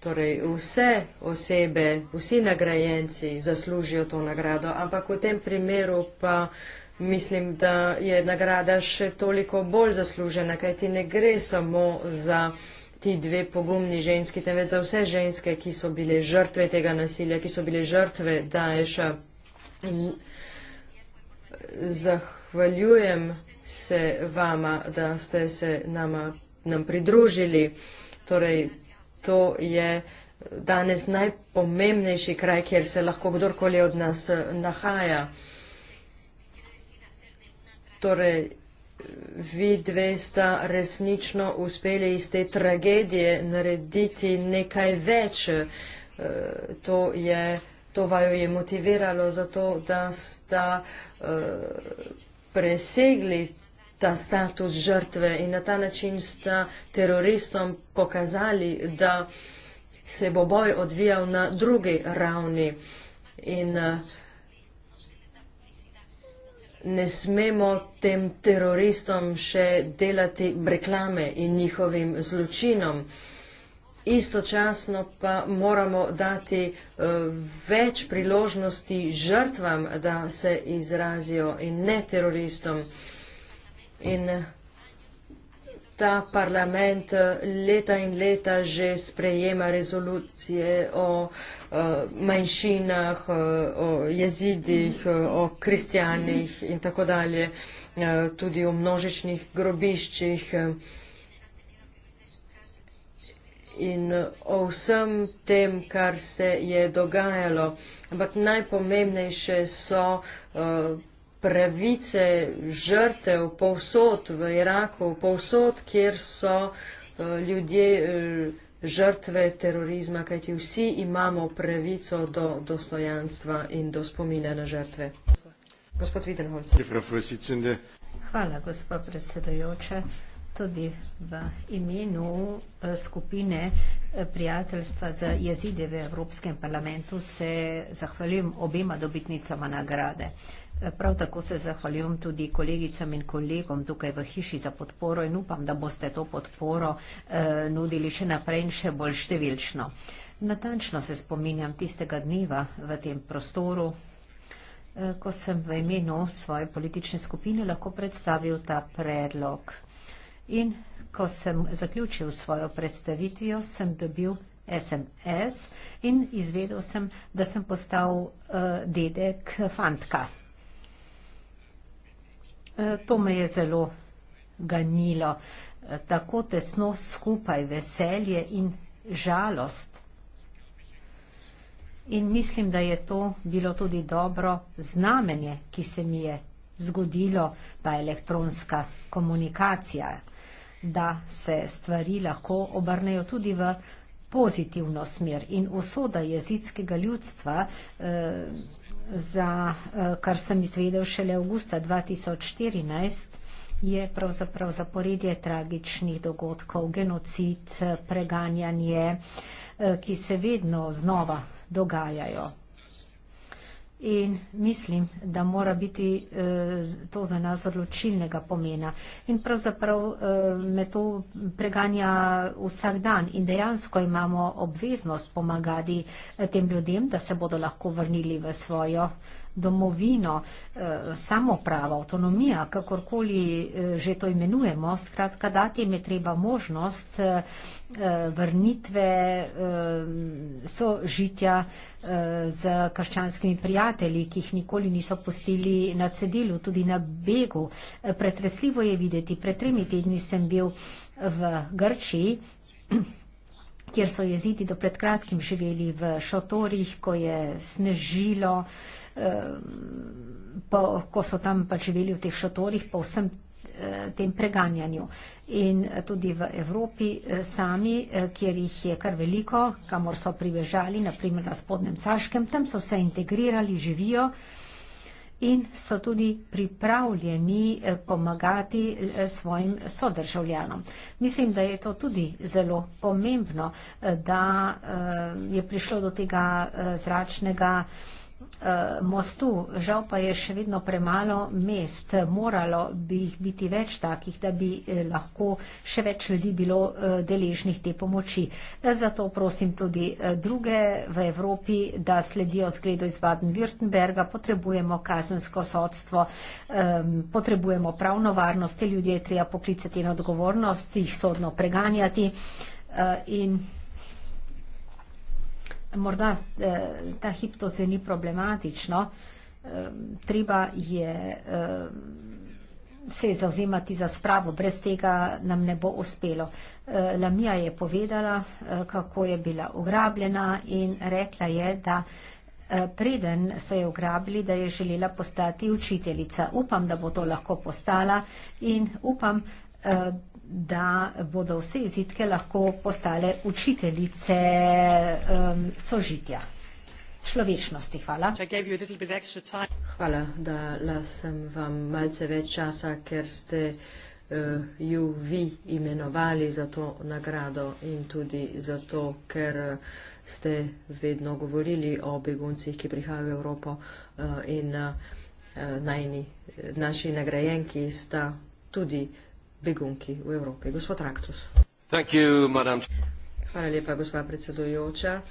Torej, vse osebe, vsi nagrajenci zaslužijo to nagrado, ampak v tem primeru pa mislim, da je nagrada še toliko bolj zaslužena, kajti ne gre samo za ti dve pogumni ženski, temveč za vse ženske, ki so bile žrtve tega nasilja, ki so bile žrtve Daesha, Zahvaljujem se vama, da ste se nama, nam pridružili. Torej, to je danes najpomembnejši kraj, kjer se lahko kdorkoli od nas nahaja. Torej, vi dve sta resnično uspeli iz te tragedije narediti nekaj več. Eh, to je to vajo je motiviralo za to, da sta uh, presegli ta status žrtve in na ta način sta teroristom pokazali, da se bo boj odvijal na drugi ravni. In, uh, Ne smemo tem teroristom še delati reklame in njihovim zločinom. Uh, istočasno pa moramo dati eh, več priložnosti žrtvam, da se izrazijo in ne teroristom. In eh, ta parlament eh, leta in leta že sprejema rezolucije o manjšinah, o jezidih, o kristjanih in tako dalje, tudi o množičnih grobiščih in o vsem tem, kar se je dogajalo. Ampak najpomembnejše so uh, pravice žrtev povsod v Iraku, povsod, kjer so uh, ljudje uh, žrtve terorizma, kajti vsi imamo pravico do dostojanstva in do spomina na žrtve. Gospod Videnholc. Hvala, gospod predsedajoče tudi v imenu eh, skupine eh, prijateljstva za jezide v Evropskem parlamentu se zahvaljujem obema dobitnicama nagrade. Eh, prav tako se zahvaljujem tudi kolegicam in kolegom tukaj v hiši za podporo in upam, da boste to podporo nudili še naprej in še bolj številčno. Natančno se spominjam tistega dneva v tem prostoru, ko sem v imenu svoje politične skupine lahko predstavil ta predlog. In ko sem zaključil svojo predstavitvijo, sem dobil SMS in izvedel sem, da sem postal uh, dedek fantka. Uh, to me je zelo ganilo. Eh, tako tesno skupaj veselje in žalost. In mislim, da je to bilo tudi dobro znamenje, ki se mi je zgodilo ta elektronska komunikacija da se stvari lahko obrnejo tudi v pozitivno smer. In usoda jezickega ljudstva, eh, za, eh, kar sem izvedel šele avgusta 2014, je pravzaprav zaporedje tragičnih dogodkov, genocid, preganjanje, eh, ki se vedno znova dogajajo in mislim, da mora biti eh, to za nas odločilnega pomena. In pravzaprav eh, me to preganja vsak dan in dejansko imamo obveznost pomagati eh, tem ljudem, da se bodo lahko vrnili v svojo domovino, samopravo, avtonomija, kakorkoli že to imenujemo, skratka, dati jim je treba možnost Eh, vrnitve, eh, so žitja eh, z krščanskimi prijatelji, ki jih nikoli niso pustili na cedilu, tudi na begu. Pretresljivo je videti, pred tremi tedni sem bil v Grčiji, kjer so jeziti do pred kratkim živeli v šotorih, ko je snežilo, po, ko so tam pa živeli v teh šotorih, po vsem Eh, tem preganjanju. In eh, tudi v Evropi eh, sami, kjer jih je kar veliko, kamor so pribežali, naprimer na spodnem Saškem, tam so se integrirali, živijo in so tudi pripravljeni pomagati svojim sodržavljanom. Mislim, da je to tudi zelo pomembno, da je prišlo do tega zračnega Eh, mostu. Žal pa je še vedno premalo mest. Moralo bi jih biti več takih, da bi eh, lahko še več ljudi bilo eh, deležnih te pomoči. Zato prosim tudi druge v Evropi, da sledijo zgledu iz Baden-Württemberga. Potrebujemo kazensko sodstvo, ehm, potrebujemo pravno varnost. Te ljudje je treba poklicati na odgovornost, jih sodno preganjati. In morda eh, ta hip to zveni problematično, treba je se je zauzemati za spravo, brez tega nam ne bo uspelo. Eh, Lamija je povedala, eh, kako je bila ugrabljena in rekla je, da preden so jo ugrabili, da je želela postati učiteljica. Upam, da bo to lahko postala in upam, da bodo vse jezitke lahko postale učiteljice um, sožitja, človečnosti. Hvala. Hvala, dala sem vam malce več časa, ker ste uh, ju vi imenovali za to nagrado in tudi zato, ker eh, ste vedno govorili o beguncih, ki prihajajo v Evropo uh, in uh, najni, naši nagrajenki sta tudi begunki v Evropi. Gospod Raktus. Hvala lepa, gospa predsedujoča.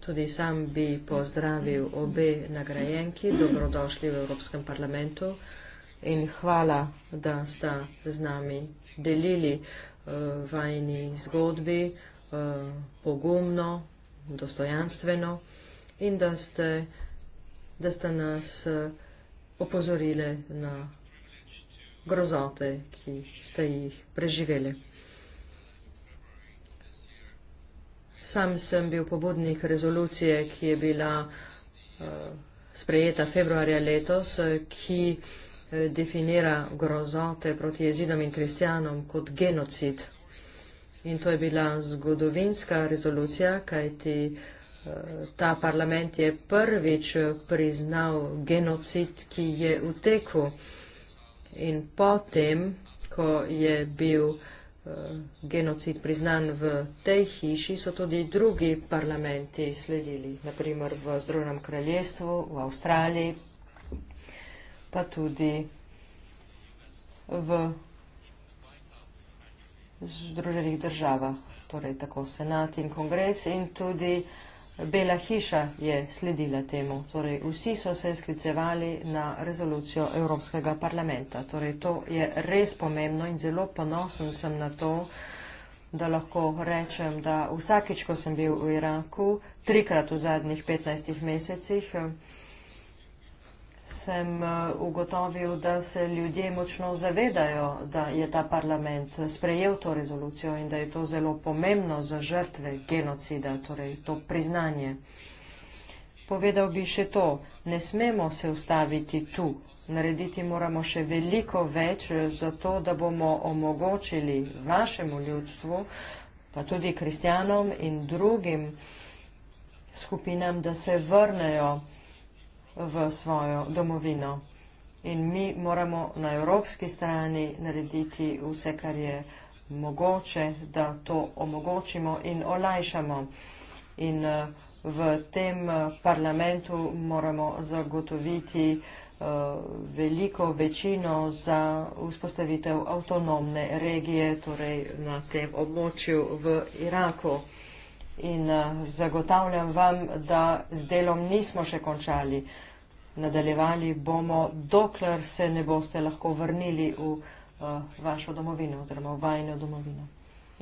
Tudi sam bi pozdravil obe nagrajenki, dobrodošli v Evropskem parlamentu in hvala, da sta z nami delili uh, eh, vajni zgodbi uh, pogumno, dostojanstveno in da, ste, da sta nas eh, opozorile na grozote, ki ste jih preživeli. Sam sem bil pobudnik rezolucije, ki je bila eh, sprejeta februarja letos, ki eh, definira grozote proti jezidom in kristjanom kot genocid. In to je bila zgodovinska rezolucija, kajti eh, ta parlament je prvič priznal genocid, ki je v teku in potem, ko je bil eh, genocid priznan v tej hiši, so tudi drugi parlamenti sledili, naprimer v Združenem kraljestvu, v Avstraliji, pa tudi v Združenih državah, torej tako senat in kongres in tudi uh, Bela hiša je sledila temu, torej vsi so se sklicevali na rezolucijo Evropskega parlamenta. Torej to je res pomembno in zelo ponosen sem na to, da lahko rečem, da vsakič, ko sem bil v Iraku, trikrat v zadnjih 15 mesecih, sem eh, ugotovil, da se ljudje močno zavedajo, da je ta parlament sprejel to rezolucijo in da je to zelo pomembno za žrtve genocida, torej to priznanje. Povedal bi še to, ne smemo se ustaviti tu, narediti moramo še veliko več eh, za to, da bomo omogočili vašemu ljudstvu, pa tudi kristjanom in drugim skupinam, da se vrnejo v svojo domovino. In mi moramo na evropski strani narediti vse, kar je mogoče, da to omogočimo in olajšamo. In eh, v tem eh, parlamentu moramo zagotoviti eh, veliko večino za vzpostavitev avtonomne regije, torej na tem območju v Iraku in eh, zagotavljam vam, da z delom nismo še končali. Nadaljevali bomo, dokler se ne boste lahko vrnili v eh, vašo domovino oziroma v vajno domovino.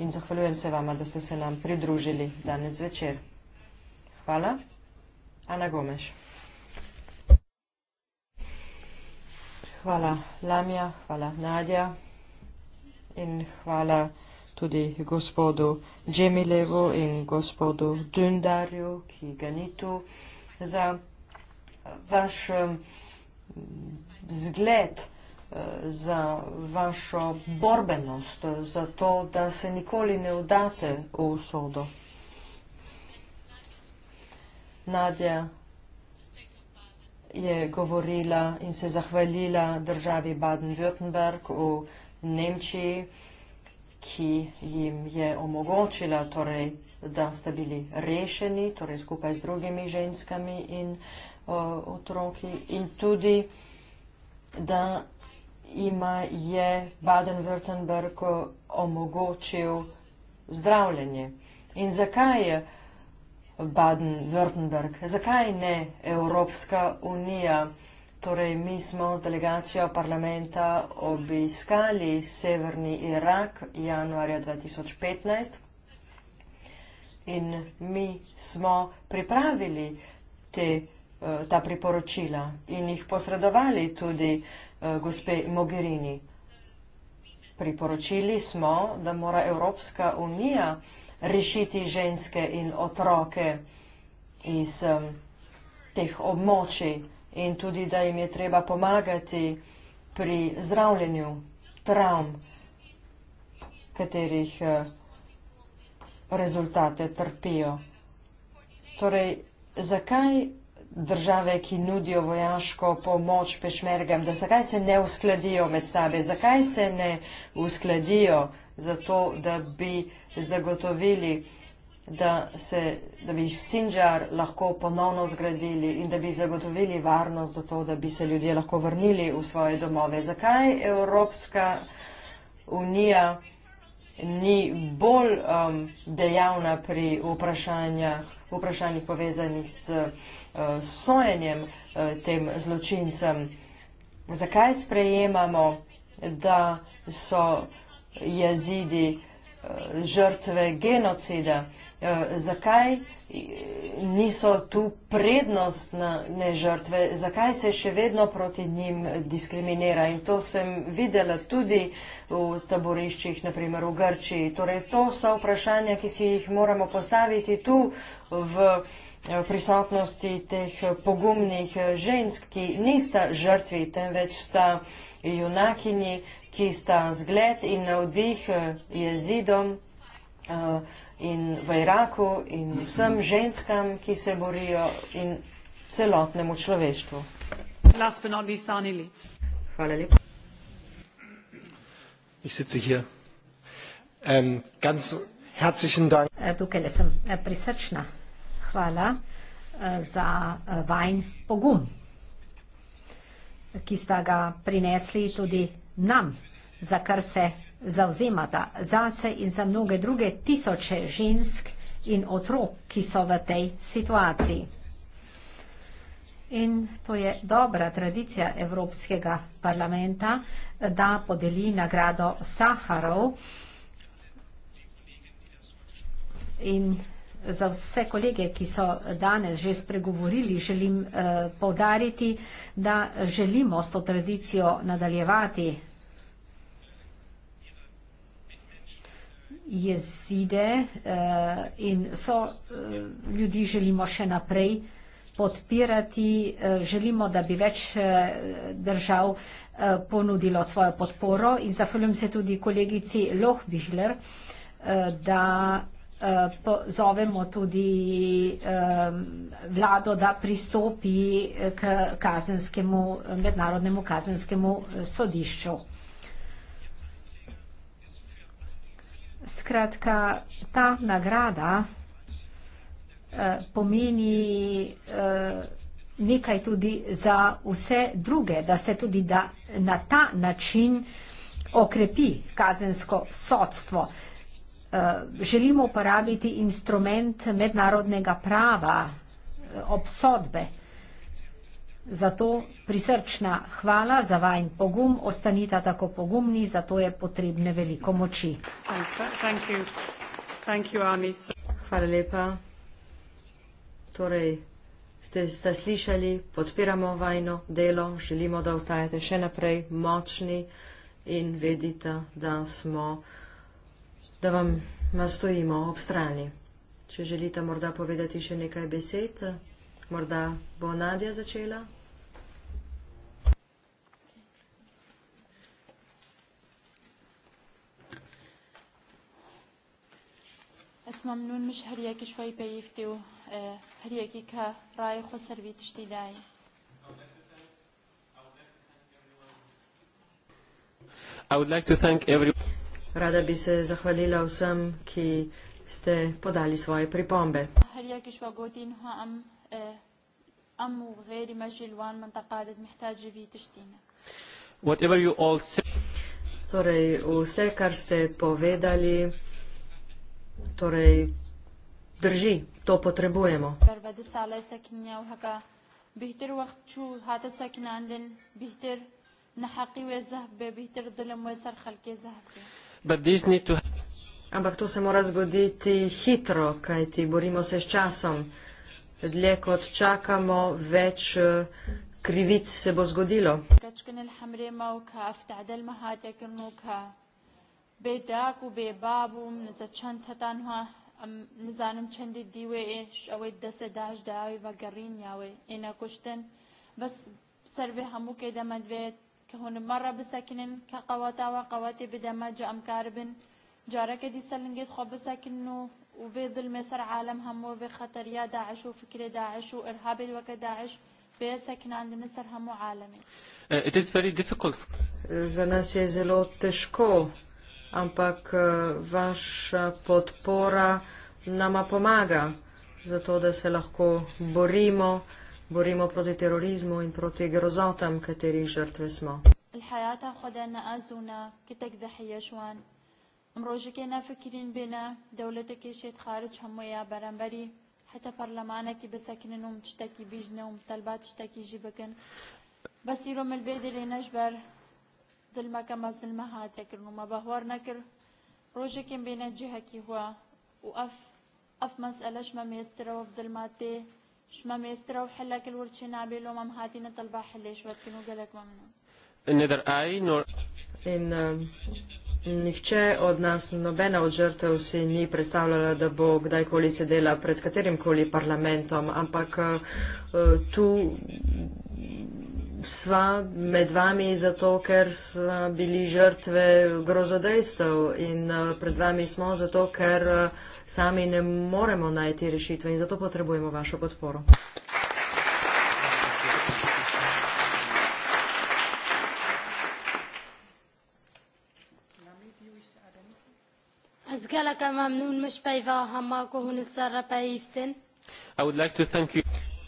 In zahvaljujem se vama, da ste se nam pridružili danes večer. Hvala. Ana Gomeš. Hvala Lamija, hvala Nadja in hvala tudi gospodu Džemilevu in gospodu Dundarju, ki ga ni tu, za eh, vaš eh, zgled, eh, za vašo borbenost, za to, da se nikoli ne vdate v usodo. Nadja je govorila in se zahvalila državi Baden-Württemberg v Nemčiji ki jim je omogočila, torej, da sta bili rešeni, torej skupaj z drugimi ženskami in uh, otroki, in tudi, da ima je Baden-Württemberg omogočil zdravljenje. In zakaj je Baden-Württemberg, zakaj ne Evropska unija? Torej, mi smo z delegacijo parlamenta obiskali severni Irak januarja 2015 in mi smo pripravili te, eh, ta priporočila in jih posredovali tudi eh, gospe Mogherini. Priporočili smo, da mora Evropska unija rešiti ženske in otroke iz eh, teh območij in tudi, da jim je treba pomagati pri zdravljenju travm, katerih eh, rezultate trpijo. Torej, zakaj države, ki nudijo vojaško pomoč pešmergam, da zakaj se ne uskladijo med sabe, zakaj se ne uskladijo za to, da bi zagotovili vojaško pomoč pešmergam, da, se, da bi Sinjar lahko ponovno zgradili in da bi zagotovili varnost za to, da bi se ljudje lahko vrnili v svoje domove. Zakaj Evropska unija ni bolj um, dejavna pri vprašanjih povezanih s uh, sojenjem uh, tem zločincem? Zakaj sprejemamo, da so jezidi uh, žrtve genocida. Eh, zakaj eh, niso tu prednostne žrtve, zakaj se še vedno proti njim diskriminira. In to sem videla tudi v taboriščih, naprimer v Grčiji. Torej, to so vprašanja, ki si jih moramo postaviti tu v eh, prisotnosti teh pogumnih žensk, ki nista žrtvi, temveč sta junakini, ki sta zgled in navdih jezidom. Uh, in v Iraku in vsem ženskam, ki se borijo in celotnemu človeštvu. Hvala lepa. Ähm, äh, tukaj sem äh, prisrčna. Hvala äh, za vajn pogum, ki sta ga prinesli tudi nam, za kar se zauzemata zase in za mnoge druge tisoče žensk in otrok, ki so v tej situaciji. In to je dobra tradicija Evropskega parlamenta, da podeli nagrado Saharov in za vse kolege, ki so danes že spregovorili, želim eh, povdariti, da želimo s to tradicijo nadaljevati jezide eh, in so eh, ljudi želimo še naprej podpirati. Eh, želimo, da bi več držav ponudilo svojo podporo in zahvaljujem se tudi kolegici Loh Bihler, da pozovemo tudi vlado, da pristopi k mednarodnemu kazenskemu sodišču. Skratka, ta nagrada eh, pomeni eh, nekaj tudi za vse druge, da se tudi na ta način okrepi kazensko sodstvo. Eh, želimo uporabiti instrument mednarodnega prava obsodbe. Zato prisrčna hvala za vajen pogum, ostanite tako pogumni, zato je potrebne veliko moči. Thank you. Thank you. Thank you, hvala lepa. Torej, ste, ste slišali, podpiramo vajno delo, želimo, da ostajate še naprej močni in vedite, da smo, da vam stojimo ob strani. Če želite morda povedati še nekaj besed, morda bo Nadja začela. ممنون مش هر یکی شوی پیفتی و هر یکی که رای خو سروی تشتی دایی I would like to thank every... Rada bi se zahvalila vsem, ki ste podali svoje pripombe. Whatever you all say... Torej, vse, kar ste povedali, Torej, drži, to potrebujemo. Ampak to se mora zgoditi hitro, kajti borimo se s časom. Dlje kot čakamo, več eh, krivic se bo zgodilo. بێ داک و بێ بابووم نزە چەند هەتان هوا نزانم چەندی دیوێ ئەوەی دەسێ داش داوی بە گەڕین یاوێ ئێنە کوشتن بەس سەرێ هەموو کێ دەمەدوێت کە هونم مەڕە بسەکنن کە قەوەتاوە قەوەتی بدەمە جە ئەم کار بن جارەکە دی سەلنگێت خۆ بسەکنن و و بێ دڵمێ سەر عالم هەموو بێ خەتەریا داعش و فکرێ داعش و ئەرهابێت وەکە داعش Uh, it is very difficult. Uh, ampak eh, vaša podpora nama pomaga za to, da se lahko borimo, borimo proti terorizmu in proti grozotam, katerih žrtve smo. Hvala. ظلمک مظلم ها تکرن و ما بهوار نکر روشه کم بینه جهه کی هوا و اف اف مسئله شما میستر و ظلماته شما میستر و حلک الورچه نابی لوم هم هاتی نطلبه حلیش وکنو گلک ممنون Neither I nor in um, nihče od nas, nobena od žrtev si ni predstavljala, da bo kdajkoli sedela pred katerimkoli parlamentom, ampak uh, tu sva med vami zato, ker sva bili žrtve grozodejstev in eh, pred vami smo zato, ker eh, sami ne moremo najti rešitve in zato potrebujemo vašo podporo.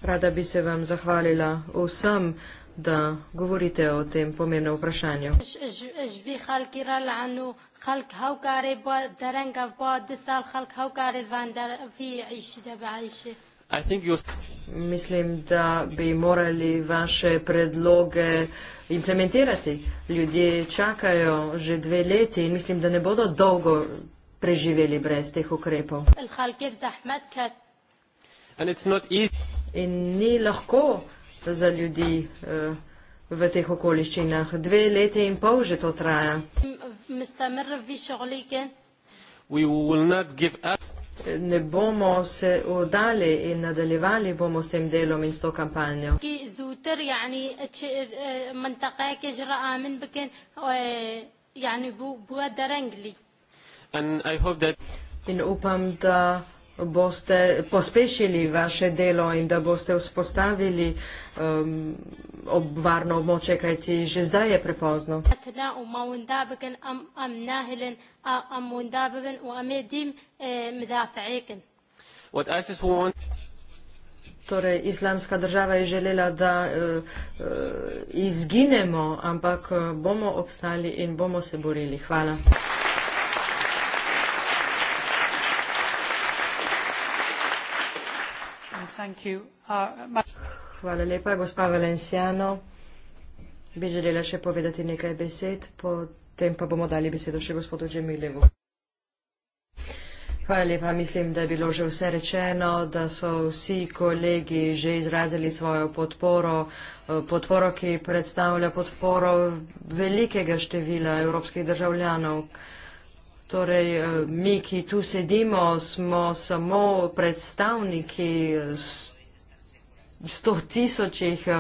Rada bi se vam zahvalila vsem da govorite o tem pomembnem vprašanju. Mislim, da bi morali vaše predloge implementirati. Ljudje čakajo že dve leti in mislim, da ne bodo dolgo preživeli brez teh ukrepov. In ni lahko za ljudi eh, v teh okoliščinah. Dve leti in pol že to traja. Ne bomo se vdali in nadaljevali bomo s tem delom in s to kampanjo. Eh, eh, in upam, da boste pospešili vaše delo in da boste vzpostavili um, obvarno območje, kajti že zdaj je prepozno. Torej, islamska država je želela, da uh, izginemo, ampak eh, bomo obstali in bomo se borili. Hvala. Uh, Hvala lepa. Gospa Valenciano, bi želela še povedati nekaj besed, potem pa bomo dali besedo še gospodu Džemilevu. Hvala lepa. Mislim, da je bilo že vse rečeno, da so vsi kolegi že izrazili svojo podporo, eh, podporo, ki predstavlja podporo velikega števila evropskih državljanov. Torej, eh, mi, ki tu sedimo, smo samo predstavniki sto tisočih eh,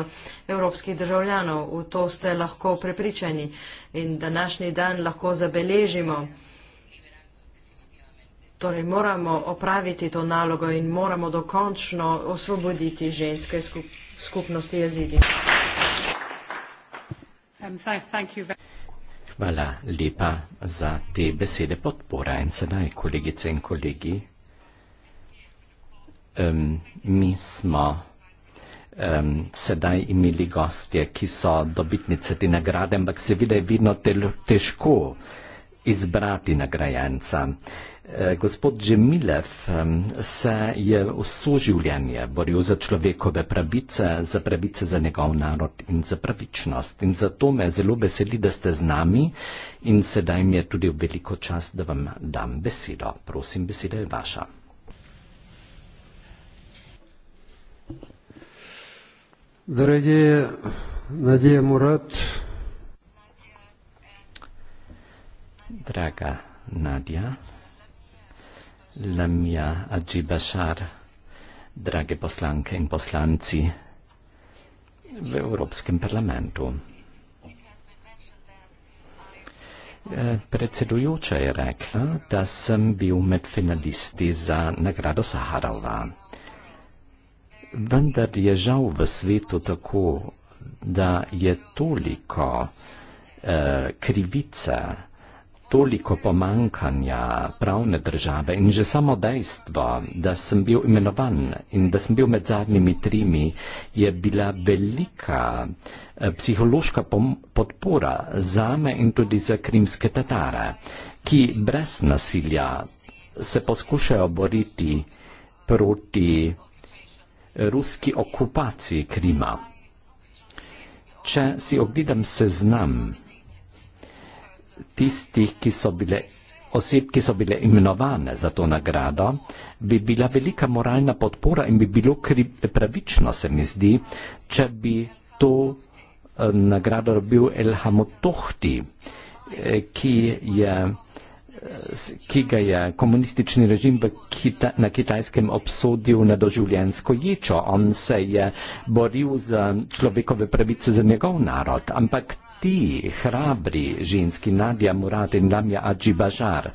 evropskih državljanov. V to ste lahko prepričani in današnji dan lahko zabeležimo. Torej, moramo opraviti to nalogo in moramo dokončno osvoboditi ženske skupnosti jezidi. Um, thank you very much. Hvala lepa za te besede podpora in sedaj, kolegice in kolegi, um, mi smo um, sedaj imeli gostje, ki so dobitnice te nagrade, ampak seveda je vedno težko izbrati nagrajenca. Eh, gospod Džemilev se je vso življenje boril za človekove pravice, za pravice za njegov narod in za pravičnost. In zato me zelo veseli, da ste z nami in sedaj mi je tudi veliko čas, da vam dam besedo. Prosim, beseda je vaša. Dragi Nadje Murat. Draga Nadja. Lamia Adji Bashar, drage poslanke in poslanci v Evropskem parlamentu. Eh, predsedujoča je rekla, da sem bil med finalisti za nagrado Saharova. Vendar je žal v svetu tako, da je toliko eh, krivice, toliko pomankanja pravne države in že samo dejstvo, da sem bil imenovan in da sem bil med zadnjimi trimi, je bila velika eh, psihološka podpora za me in tudi za krimske tatare, ki brez nasilja se poskušajo boriti proti eh, ruski okupaciji Krima. Če si ogledam seznam tistih, ki so bile oseb, ki so bile imenovane za to nagrado, bi bila velika moralna podpora in bi bilo kri, pravično, se mi zdi, če bi to eh, nagrado dobil El Hamotohti, eh, ki je eh, ki ga je komunistični režim na kitajskem obsodil na doživljensko ječo. On se je boril za človekove pravice za njegov narod, ampak ti, hrabri ženski Nadja Murat in Damja Adži Bažar,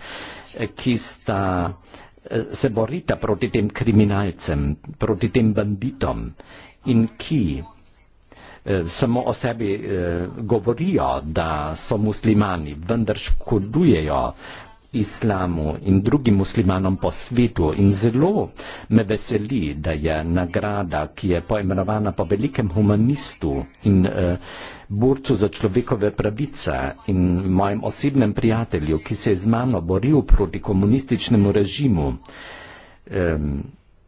ki sta eh, se borita proti tem kriminalcem, proti tem banditom in ki eh, samo o sebi eh, govorijo, da so muslimani, vendar škodujejo islamu in drugim muslimanom po svetu in zelo me veseli, da je nagrada, ki je poimenovana po velikem humanistu in uh, borcu za človekove pravice in mojem osebnem prijatelju, ki se je z mano boril proti komunističnemu režimu, um,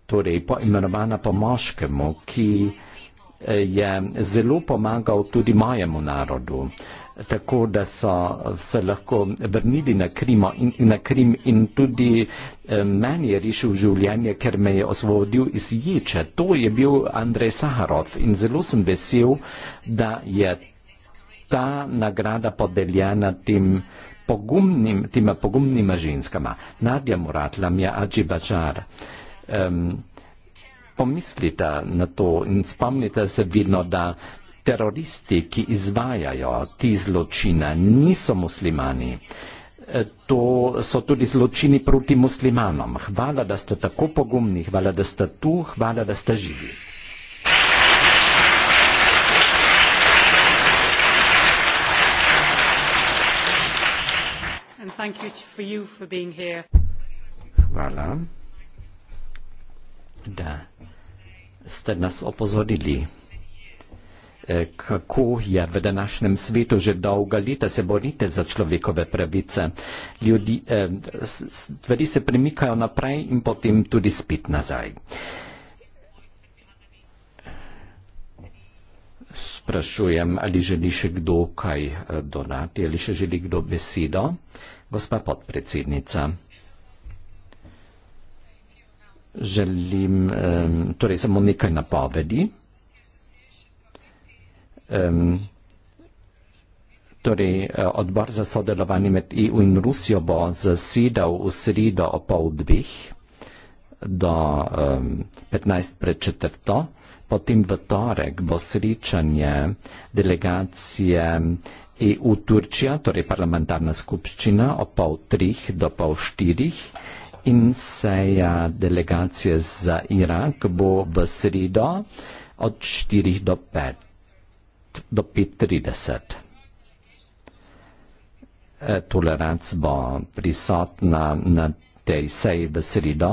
torej poimenovana po moškemu, ki je zelo pomagal tudi mojemu narodu, tako da so se lahko vrnili na, Krimo in, na Krim in tudi eh, meni je rešil življenje, ker me je osvobodil iz ječe. To je bil Andrej Saharov in zelo sem vesel, da je ta nagrada podeljena tem pogumnim, pogumnima ženskama. Nadja Muratlam je Adžibačar. Um, pomislite na to in spomnite se vedno, da teroristi, ki izvajajo ti zločine, niso muslimani. E, to so tudi zločini proti muslimanom. Hvala, da ste tako pogumni, hvala, da ste tu, hvala, da ste živi. Hvala. Da ste nas opozorili. Eh, kako je v današnjem svetu že dolga leta se borite za človekove pravice? Ljudi, eh, stvari se premikajo naprej in potem tudi spet nazaj. Sprašujem, ali želi še kdo kaj eh, donati, ali še želi kdo besedo. Gospa podpredsednica. Želim um, torej samo nekaj napovedi. Um, torej, eh, odbor za sodelovanje med EU in Rusijo bo zasedal v sredo o pol dveh do um, 15 pred četrto, potem v torek bo srečanje delegacije EU-Turčija, torej parlamentarna skupščina, o pol treh do pol štirih. In seja delegacije za Irak bo v sredo od 4 do 5, do 530. E, Tolerac bo prisotna na tej seji v sredo,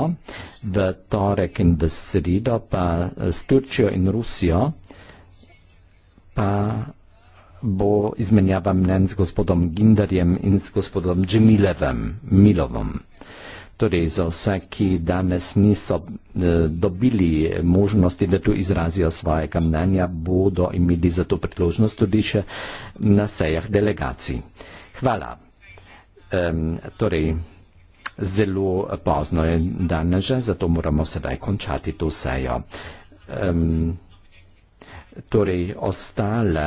v torek in v sredo pa s Turčijo in Rusijo pa bo izmenjava mnen z gospodom Ginderjem in z gospodom Džemilevem, Milovom torej za vse, ki danes niso eh, dobili možnosti, da tu izrazijo svojega mnenja, bodo imeli za to priložnost tudi še na sejah delegacij. Hvala. Um, torej, zelo pozno je danes že, zato moramo sedaj končati to sejo. Um, torej, ostale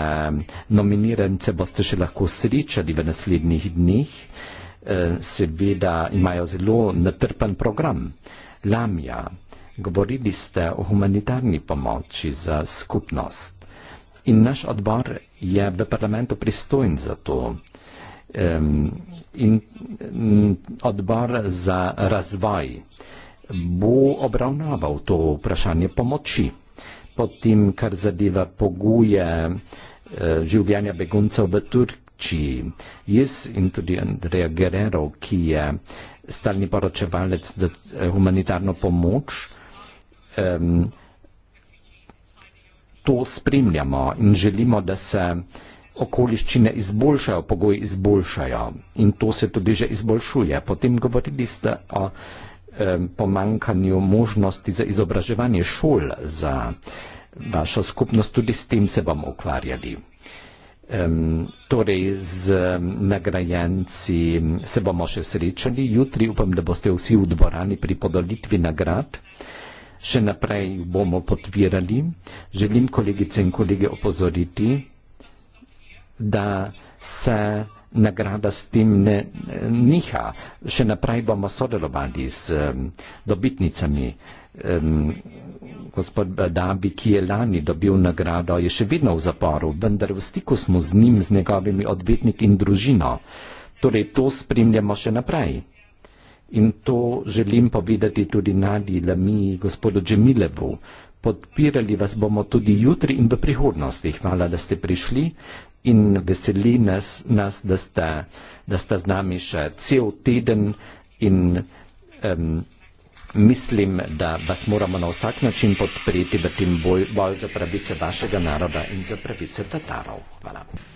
nominirance boste še lahko srečali v naslednjih dneh. Eh, seveda imajo zelo natrpen program. Lamija, govorili ste o humanitarni pomoči za skupnost in naš odbor je v parlamentu pristojen za to. In mm, odbor za razvoj bo obravnaval to vprašanje pomoči pod tem, kar zadeva poguje eh, življenja beguncev v Turk oči. Jaz in tudi Andreja Guerrero, ki je stalni poročevalec za eh, humanitarno pomoč, um, to spremljamo in želimo, da se okoliščine izboljšajo, pogoji izboljšajo in to se tudi že izboljšuje. Potem govorili ste o um, pomankanju možnosti za izobraževanje šol za vašo skupnost, tudi s tem se bomo ukvarjali torej z nagrajenci se bomo še srečali. Jutri upam, da boste vsi v dvorani pri podelitvi nagrad. Še naprej bomo podpirali. Želim kolegice in kolege opozoriti, da se nagrada s tem ne niha. Še naprej bomo sodelovali z um, dobitnicami. Um, gospod Dabi, ki je lani dobil nagrado, je še vedno v zaporu, vendar v stiku smo z njim, z njegovimi odvetniki in družino. Torej, to spremljamo še naprej. In to želim povedati tudi Nadi Lami, gospodu Džemilevu. Podpirali vas bomo tudi jutri in v prihodnosti. Hvala, da ste prišli in veseli nas, nas da, sta, da sta z nami še cel teden in um, mislim, da vas moramo na vsak način podpreti v tem boju boj za pravice vašega naroda in za pravice Tatarov. Hvala.